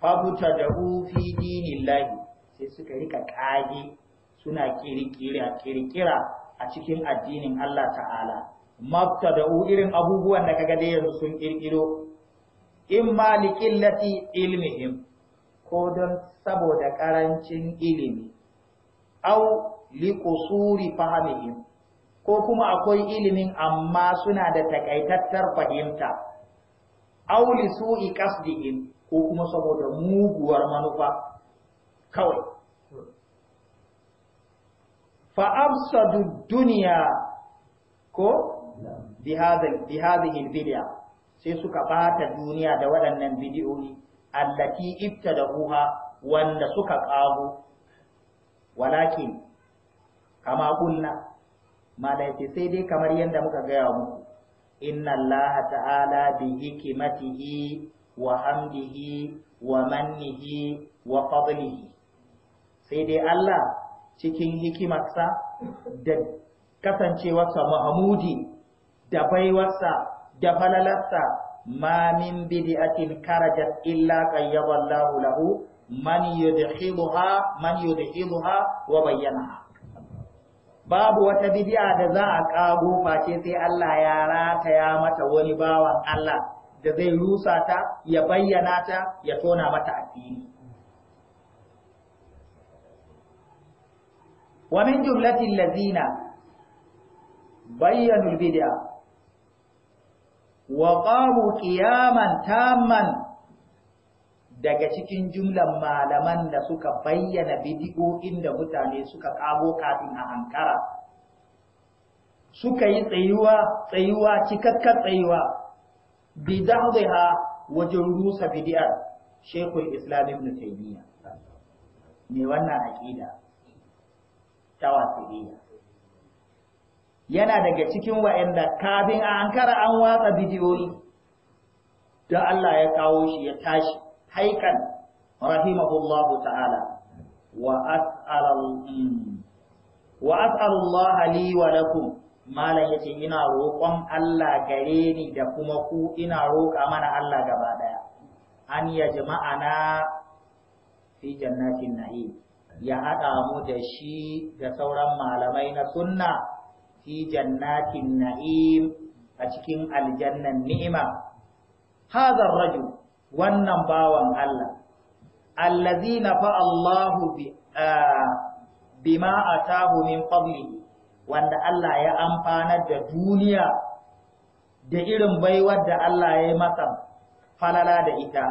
fa butada'u fi dinillahi sai suka rika kage suna kirkira kirkira a cikin addinin Allah ta'ala mabtada'u irin abubuwan da kaga dai yanzu sun kirkiro in ma liqillati ilmihim ko don saboda karancin ilimi au liqusuri fahmihim ko kuma akwai ilimin amma suna da takaitattar fahimta auli su'i qasdihim ko kuma saboda muguwar manufa kawai fa absadu dunya ko bi hadhihi bid'a sai suka bata duniya da waɗannan bidiyoyi allati ibtadahuha wanda suka kawo walakin kama kunna mala sai dai kamar yadda muka gaya muku inna allaha ta'ala bi hikimatihi wa hamdihi wa mannihi wa fadlihi sai dai Allah cikin hikimarsa da kasancewarsa mahamudi da baiwarsa da falalarsa ma min bid'atin karajat illa qayyaba Allahu lahu man yudkhiluha man yudkhiluha wa bayyanaha babu wata bidiya da za a ƙago face sai Allah ya rataya mata wani bawan Allah da zai rusa ta ya bayyana ta ya tona mata addini. wa min jumlatil ladina bayyanu bid'a wa qamu qiyaman tamman daga cikin jumlan malaman da suka bayyana bidiyo inda mutane suka kago kafin a hankara suka yi tsayuwa tsayuwa cikakkar tsayuwa ha wajen rusa bidi'ar shekul islam ibn taymiya me wannan aqida ta wasiliya yana daga cikin wa'anda kafin a hankara an watsa bidiyoyi da Allah ya kawo shi ya tashi haikal rahimahullahu ta'ala wa wa Allah li wa lakum malam yace ina roƙon Allah gare ni da kuma ku ina roƙa mana Allah gaba daya an ya jama'a na fi jannatin na'im ya haɗa mu da shi da sauran malamai na sunna fi jannatin na'im a cikin aljannan ni'ima hadha rajul wannan bawan Allah allazina fa Allahu bi bima atahu min fadlihi wanda Allah ya amfanar da duniya da irin baiwar da Allah ya yi masa falala da ita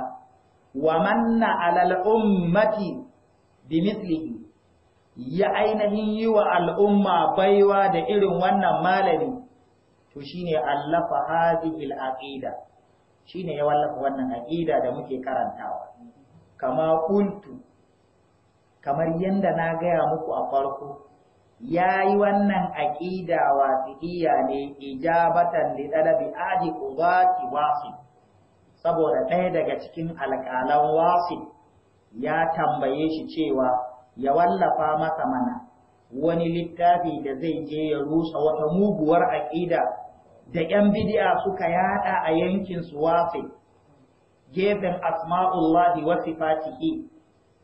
wa manna al'ummati ummati bi mislihi ya ainihin yi wa al'umma baiwa da irin wannan malami to shine allafa hadhihi al aƙida. shine ya wallafa wannan aqida da muke karantawa kama kuntu kamar yadda na gaya muku a farko ya yi wannan aqida wasiqiyya ne ijabatan li talabi adi qudati wasi saboda ɗaya daga cikin alƙalan wasi ya tambaye shi cewa ya wallafa masa mana wani littafi da zai je ya rusa wata muguwar aƙida da ‘yan bidiya suka yada a yankin suwafe gefen asma'ullahi wa sifatihi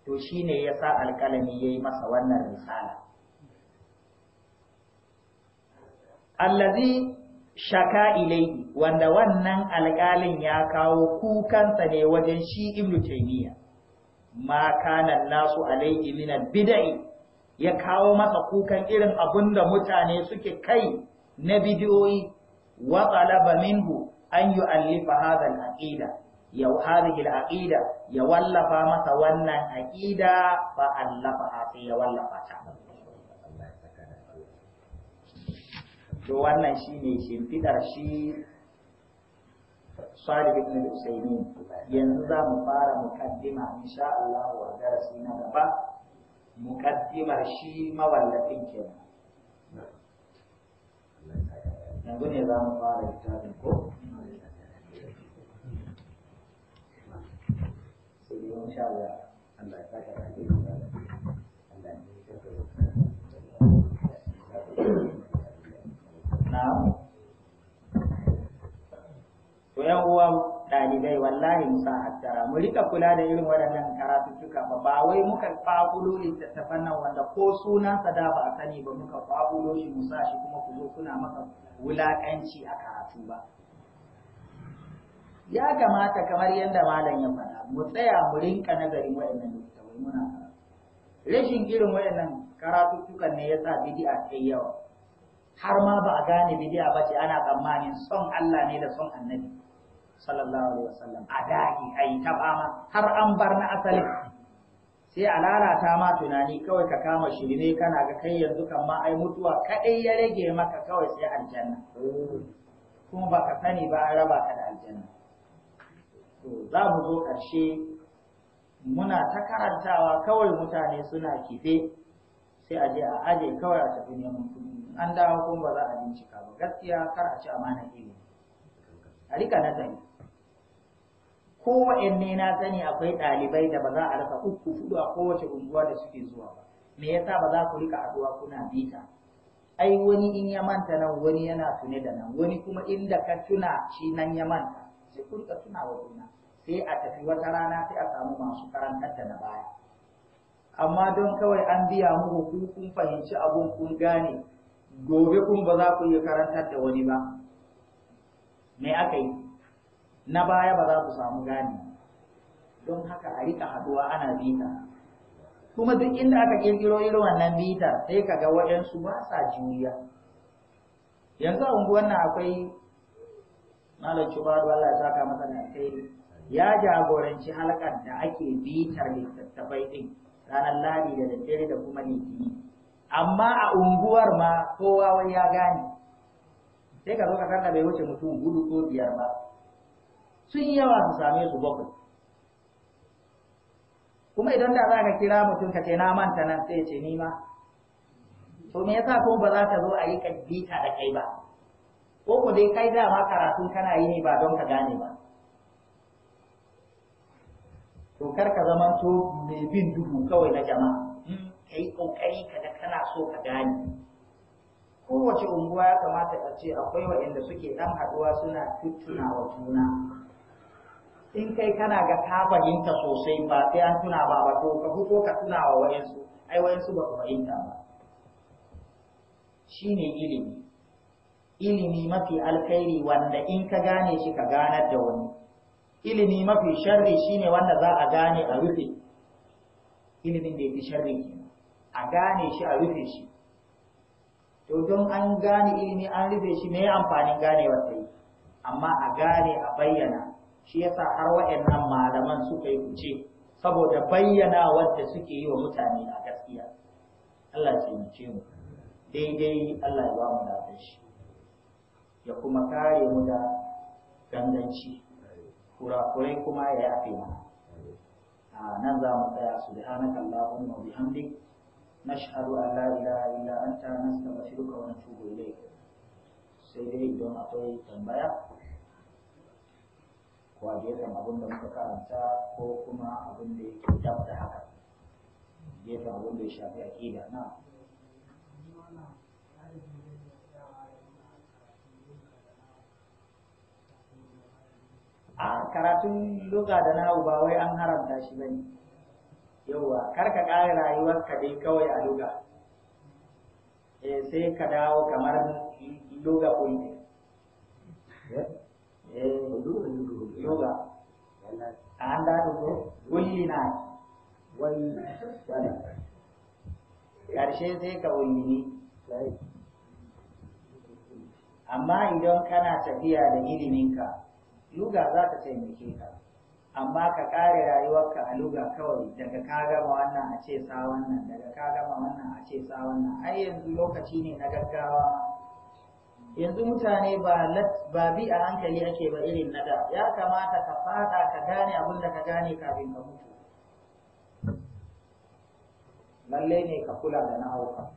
to shine ne ya sa alƙalami ya yi masa wannan risala. Allazi shaka ilaihi wanda wannan alƙalin ya kawo kukansa ne wajen shi ibnu taymiya ma kana nasu alaihi min bid'i ya kawo masa kukan irin abunda mutane suke kai na bidiyoyi wa talaba minhu an yu'allifa hadha al aƙida. ya hadhihi aƙida ya wallafa masa wannan aƙida, fa allafa sai ya wallafa ta to wannan shine shimfidar shi Salih ibn Usaimin yanzu za mu fara muqaddima insha Allah wa darasi na gaba muƙaddimar shi mawallafin kenan yanzu ne za mu fara littafin ko ya to yan uwa ɗalibai wallahi musa sa hattara mu rika kula da irin waɗannan karatuttuka ba ba wai muka kwakulo littattafan nan wanda ko sa da ba a sani ba muka kwakulo shi mu sa shi kuma ku zo kuna masa wulakanci a karatu ba ya kamata kamar yadda malam ya faɗa mu tsaya mu rinka nazarin waɗannan littattafai muna rashin irin waɗannan karatuttukan ne ya sa bidi'a ta yawa har ma ba a gane bidi'a ba ce ana tsammanin son Allah ne da son annabi sallallahu alaihi wasallam a dahi a yi ta fama har an bar na asali sai a lalata ma tunani kawai ka kama shirme kana ga kai yanzu kan ma ai mutuwa Kaɗai ya rage maka kawai sai aljanna kuma ba ka sani ba an raba ka da aljanna to za mu zo ƙarshe muna ta karantawa kawai mutane suna kife sai a je a aje kawai a tafi neman kuɗi an dawo kuma ba za a bincika ba gaskiya kar a ci amana ilimi a rika nazari kowanne na sani akwai ɗalibai da ba za a rasa uku hudu a kowace unguwa da suke zuwa ba me yasa ba za ku rika aduwa kuna bita ai wani in ya manta nan wani yana tune da nan wani kuma inda ka tuna shi nan ya manta sai ku rika tuna wa juna sai a tafi wata rana sai a samu masu karantar da na baya amma don kawai an biya muku ku kun fahimci abun kun gane gobe kun ba za ku iya karantar da wani ba me aka yi na baya ba za ku samu gane don haka a rika haduwa ana bita kuma duk inda aka kirkiro irin wannan bitar sai ka ga waɗansu ba sa juriya yanzu a unguwar nan akwai malam cubadu Allah ya saka masa da alkhairi ya jagoranci halakar da ake bitar littattafai din ranar ladi da daddare da kuma litini amma a unguwar ma kowa wai ya gane sai ka zo ka kanta bai wuce mutum gudu ko biyar ba sun yi yawa su same su bakwai kuma idan da za ka kira mutum ka ce na manta nan sai ya ce ni to me yasa ko ba za ka zo a yi bita da kai ba ko ku dai kai dama karatun kana yi ne ba don ka gane ba to kar ka zama to mai bin duhu kawai na jama'a hmm, ka yi kokari da kana so ka gane kowace unguwa ya kamata a ce akwai waɗanda suke ɗan haɗuwa suna wa juna in kai kana ga ka fahimta sosai ba sai an tuna ba ba to ka fito ka tuna wa wayansu ai wayansu ba ku fahimta ba shine ilimi ilimi mafi alkhairi wanda in ka gane shi ka ganar da wani ilimi mafi sharri shine wanda za a gane a rufe ilimin da yake sharri ke. a gane shi a rufe shi to don an gane ilimi an rufe shi me amfanin ganewar sai amma a gane a bayyana shi yasa har wa'annan malaman suka yi fice saboda bayyana wanda suke yi wa mutane a gaskiya Allah ya taimake mu daidai Allah ya ba mu shi ya kuma kare mu da ganganci kurakurai kuma ya yafe mana a nan za mu tsaya subhanaka allahumma wa bihamdik nashhadu an la ilaha illa anta nastaghfiruka wa natubu ilayk sai dai idan akwai tambaya wa gefen abin da muka karanta ko kuma abin da yake dab da haka gefen abin da ya shafi aƙida na a karatun luga da nahu ba wai an haramta shi ba bane yauwa kar ka ƙara rayuwar ka dai kawai a luga eh sai ka dawo kamar luga point eh, eh luga luga yoga an daɗo ko ƙarshe sai ka amma idan kana tafiya da iliminka luga za ta taimake ka amma ka kare rayuwarka a luga kawai daga ka gama wannan a ce sa wannan daga ka gama wannan a ce sa wannan ai yanzu lokaci ne na gaggawa yanzu mutane ba bi a hankali ake ba irin na ya kamata ka fada ka gane abin da ka gane kafin ka mutu lalle ne ka kula da na'auka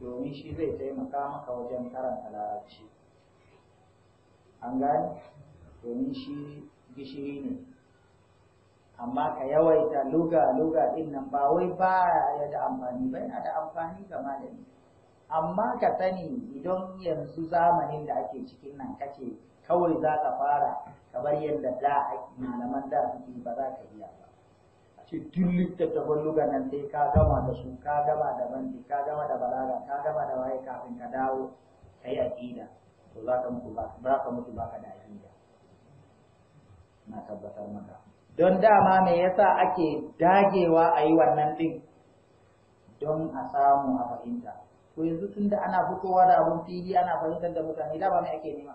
domin shi zai taimaka maka wajen karanta larabci an gane domin shi gishiri ne amma ka yawaita luga luga din nan ba wai ba ya da amfani ba yana da amfani ga malami amma ka sani idan yanzu zamanin da ake cikin nan kace kawai za ka fara kamar yadda da malaman da suke ba za ka iya ba a ce duk littattafan lugar nan sai ka gama da su ka gama da banki ka gama da balaga ka gama da waye kafin ka dawo ka yi aƙida to za ka mutu ba ka mutu ba ka da aƙida na tabbatar maka don dama me yasa ake dagewa a yi wannan din don a samu a fahimta to yanzu tun da ana fitowa da abun fili ana fahimtar da mutane da ba mai ake nema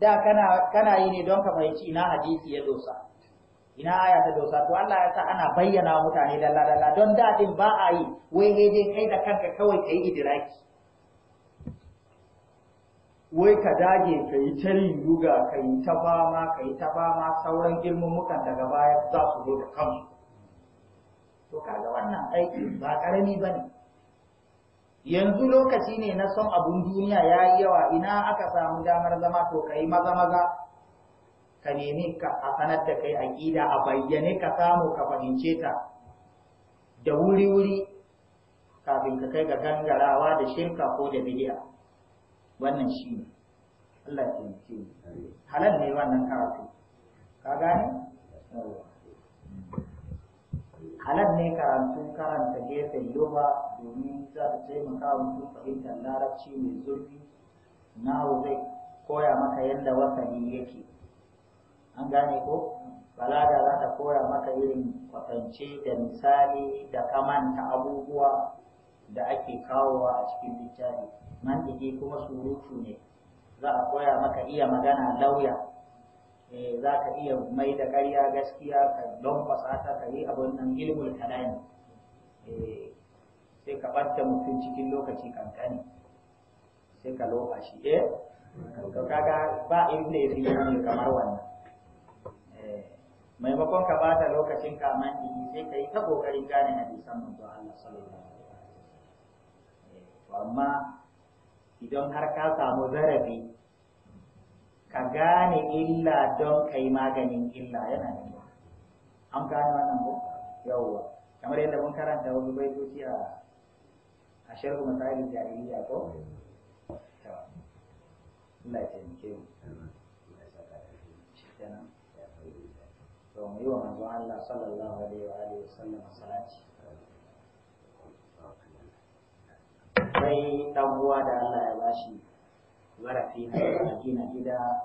da kana kana yi ne don ka fahimci ina hadisi ya dosa ina aya ta dosa to Allah ya sa ana bayyana wa mutane dalla dalla don da din ba a yi wai ne dai kai da kanka kawai kai idiraki wai ka dage ka yi ta yuga ka yi ta fama ka yi ta fama sauran girmamukan daga baya za su zo da kanku to kaga wannan aiki ba karami ba ne yanzu lokaci ne na son abun duniya ya yi yawa ina aka samu damar zama to ka yi maza maza ka nemi ka a sanar da kai aƙida a bayyane ka samu ka fahimce ta da wuri wuri kafin ka kai ga gangarawa da shirka ko da bidiya wannan shi ne Allah ya taimake halal ne wannan karatu ka gane halal ne karantun karanta gefen yoba domin za ta taimaka wa mutum fahimtar larabci mai zurfi na zai koya maka yadda wasani yake an gane ko balada za ta koya maka irin kwatance da misali da kamanta abubuwa da ake kawowa a cikin littafi man kuma surutu ne za a koya maka iya magana lauya Eh, za ka iya mai da ƙarya gaskiya ka don fasata ka yi abin nan ilmul kalami eh, sai ka ɓadda mutum cikin lokaci kankani sai ka lofa shi eh kaga ba inda ya fi yi kamar wannan eh, maimakon ka bata lokacin kamanni sai ka yi ta ƙoƙarin gane na hadisan manzo Allah sallallahu alaihi wasallam amma idan har ka samu zarafi ka gane illa don ka yi maganin illa yana da kyau an gane wannan ko yawwa kamar yadda mun karanta wasu baitoci a a sharhu masalin jahiliya ko Allah ya taimake mu to mu yi wa manzo Allah sallallahu alaihi wa alihi wasallam salati sai dan uwa da Allah ya bashi akbara fi na gina gida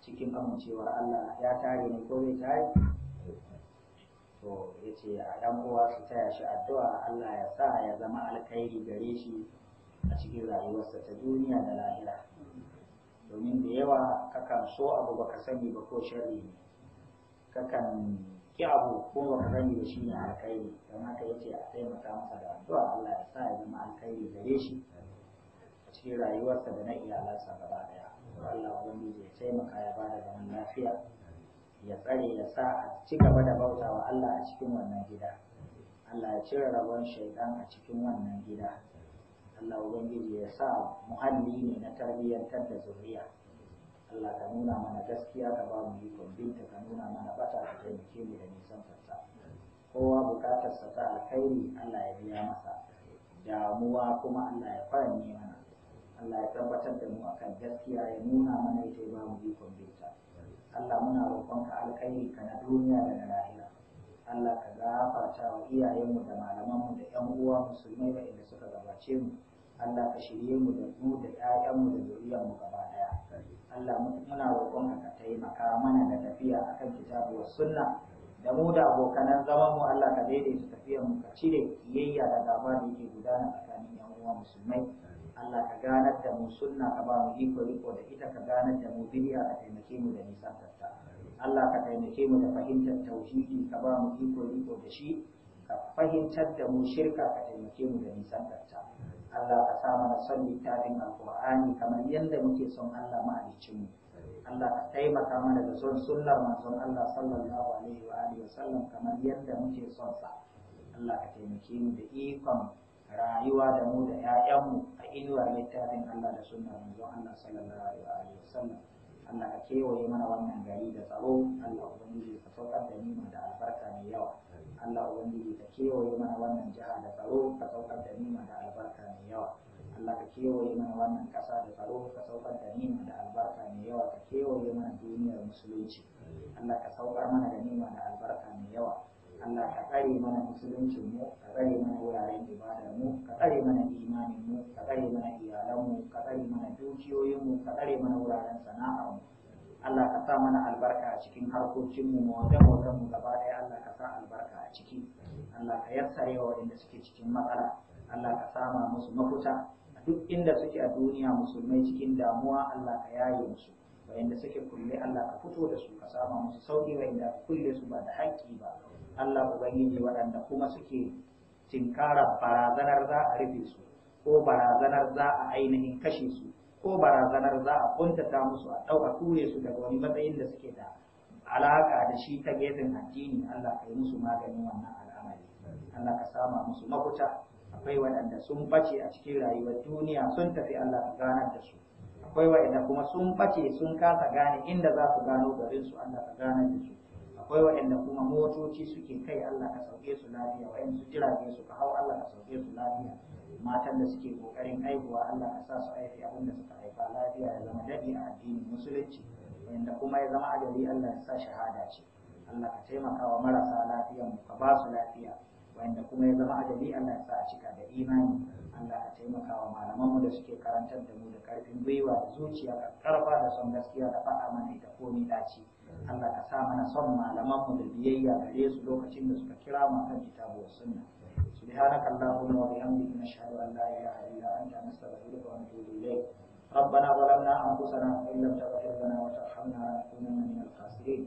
cikin amincewar Allah ya tare ni ko bai tare to ya ce ɗan uwa su taya shi addu'a Allah ya sa ya zama alkhairi gare shi a cikin rayuwarsa ta duniya da lahira domin da yawa kakan so abu baka sani ba ko sharri ne kakan ki abu ko baka sani ba shine alkhairi don haka yace a taimaka masa da addu'a Allah ya sa ya zama alkhairi gare shi cikin rayuwarsa da na iyalansa gaba daya Allah ubangiji ya taimaka ya bada zaman lafiya ya tsare ya sa a ci gaba da bautawa Allah a cikin wannan gida Allah ya cire rabon shaidan a cikin wannan gida Allah ubangiji ya sa muhalli ne na tarbiyyantar da zuriya Allah ka nuna mana gaskiya ka ba mu ikon binta ka nuna mana bata ka taimake mu da nisan fata kowa bukatarsa ta alkhairi Allah ya biya masa damuwa kuma Allah ya faranye mana Allah ya tabbatar da mu akan gaskiya ya nuna mana ita ba mu ikon binta Allah muna roƙonka alkhairi ka na duniya da na lahira Allah ka gafarta wa iyayenmu da malamanmu da ƴan uwa musulmai waɗanda suka gabace mu Allah ka shirye mu da mu da ƴaƴanmu da zuriyarmu gaba ɗaya Allah muna roƙonka ka taimaka mana da tafiya akan kitabu wa sunna da mu da abokanan zaman mu Allah ka daidaita tafiyar mu ka cire kiyayya da gaba da yake gudana tsakanin yan uwa musulmai Allah ka ganar da mu sunna ka ba mu iko riko da ita ka ganar da mu bidiya ka taimake mu da nisan Allah ka taimake mu da fahimtar tauhidi ka ba mu iko riko da shi ka fahimtar da mu shirka ka taimake mu da nisan Allah ka sa mana son littafin alqur'ani kamar yadda muke son Allah alicin mu Allah ka taimaka mana da son sunnar manzon Allah sallallahu alaihi wa alihi wa sallam kamar yadda muke son sa Allah ka taimake mu da ikon rayuwa da mu da 'ya'yanmu a inuwar littafin Allah da sunna manzon Allah sallallahu alaihi wa Allah ka kewaye mana wannan gari da tsaro Allah ubangiji ka saukar da nima da albarka mai yawa Allah ubangiji ka kewaye mana wannan jiha da tsaro ka saukar da nima da albarka mai yawa Allah ka kewaye mana wannan ƙasa da tsaro ka saukar da nima da albarka mai yawa ka kewaye mana duniyar musulunci Allah ka saukar mana da nima da albarka mai yawa Allah ka tsare mana musuluncin mu ka tsare mana wuraren ibada mu ka tsare mana imanin mu ka tsare mana iyalan mu ka tsare mana dukiyoyin mu ka tsare mana wuraren sana'ar mu Allah ka sa mana albarka a cikin harkokin mu mu wajen wajen mu gaba ɗaya Allah ka sa albarka a ciki Allah ka yassare wa waɗanda suke cikin matsala Allah ka sama musu mafuta A duk inda suke a duniya musulmai cikin damuwa Allah ka yaye musu waɗanda suke kulle Allah ka fito da su ka sama musu sauki waɗanda kulle su ba da haƙƙi ba Allah Ubangiji waɗanda kuma suke tinkara barazanar za a rufe su ko barazanar za a ainihin kashe su ko barazanar za a kuntata musu a ɗau a ture su daga wani matsayin da suke da alaƙa da shi ta gefen addini Allah ka yi musu maganin wannan al'amari Allah ka sama musu mafuta akwai waɗanda sun bace a cikin rayuwar duniya sun tafi Allah ka ganar da su akwai waɗanda kuma sun bace sun kasa gane inda za su gano garin Allah ka ganar da su akwai waɗanda kuma motoci suke kai Allah ka sauke su lafiya waɗansu su jirage su ka hau Allah ka sauke su lafiya matan da suke kokarin aihuwa, Allah ka sa su aiki abin da suka haifa lafiya ya zama daɗi a addinin musulunci waɗanda kuma ya zama ajali Allah ya sa shahada ce Allah ka taimaka wa marasa lafiyar mu ka ba su lafiya wanda kuma ya zama ajali Allah ya sa a cika da imani Allah ka taimaka wa malamanmu da suke karantar da mu da karfin gwiwa da zuciya da karfa da son gaskiya da faɗa mana ita ko ni dace Allah ka sa mana son malamanmu da biyayya gare su lokacin da suka kira mu kan kitabu wa sunna سبحانك اللهم وبحمدك نشهد ان لا اله الا انت نستغفرك ونتوب اليك ربنا ظلمنا انفسنا وان لم تغفر لنا وترحمنا لنكونن من الخاسرين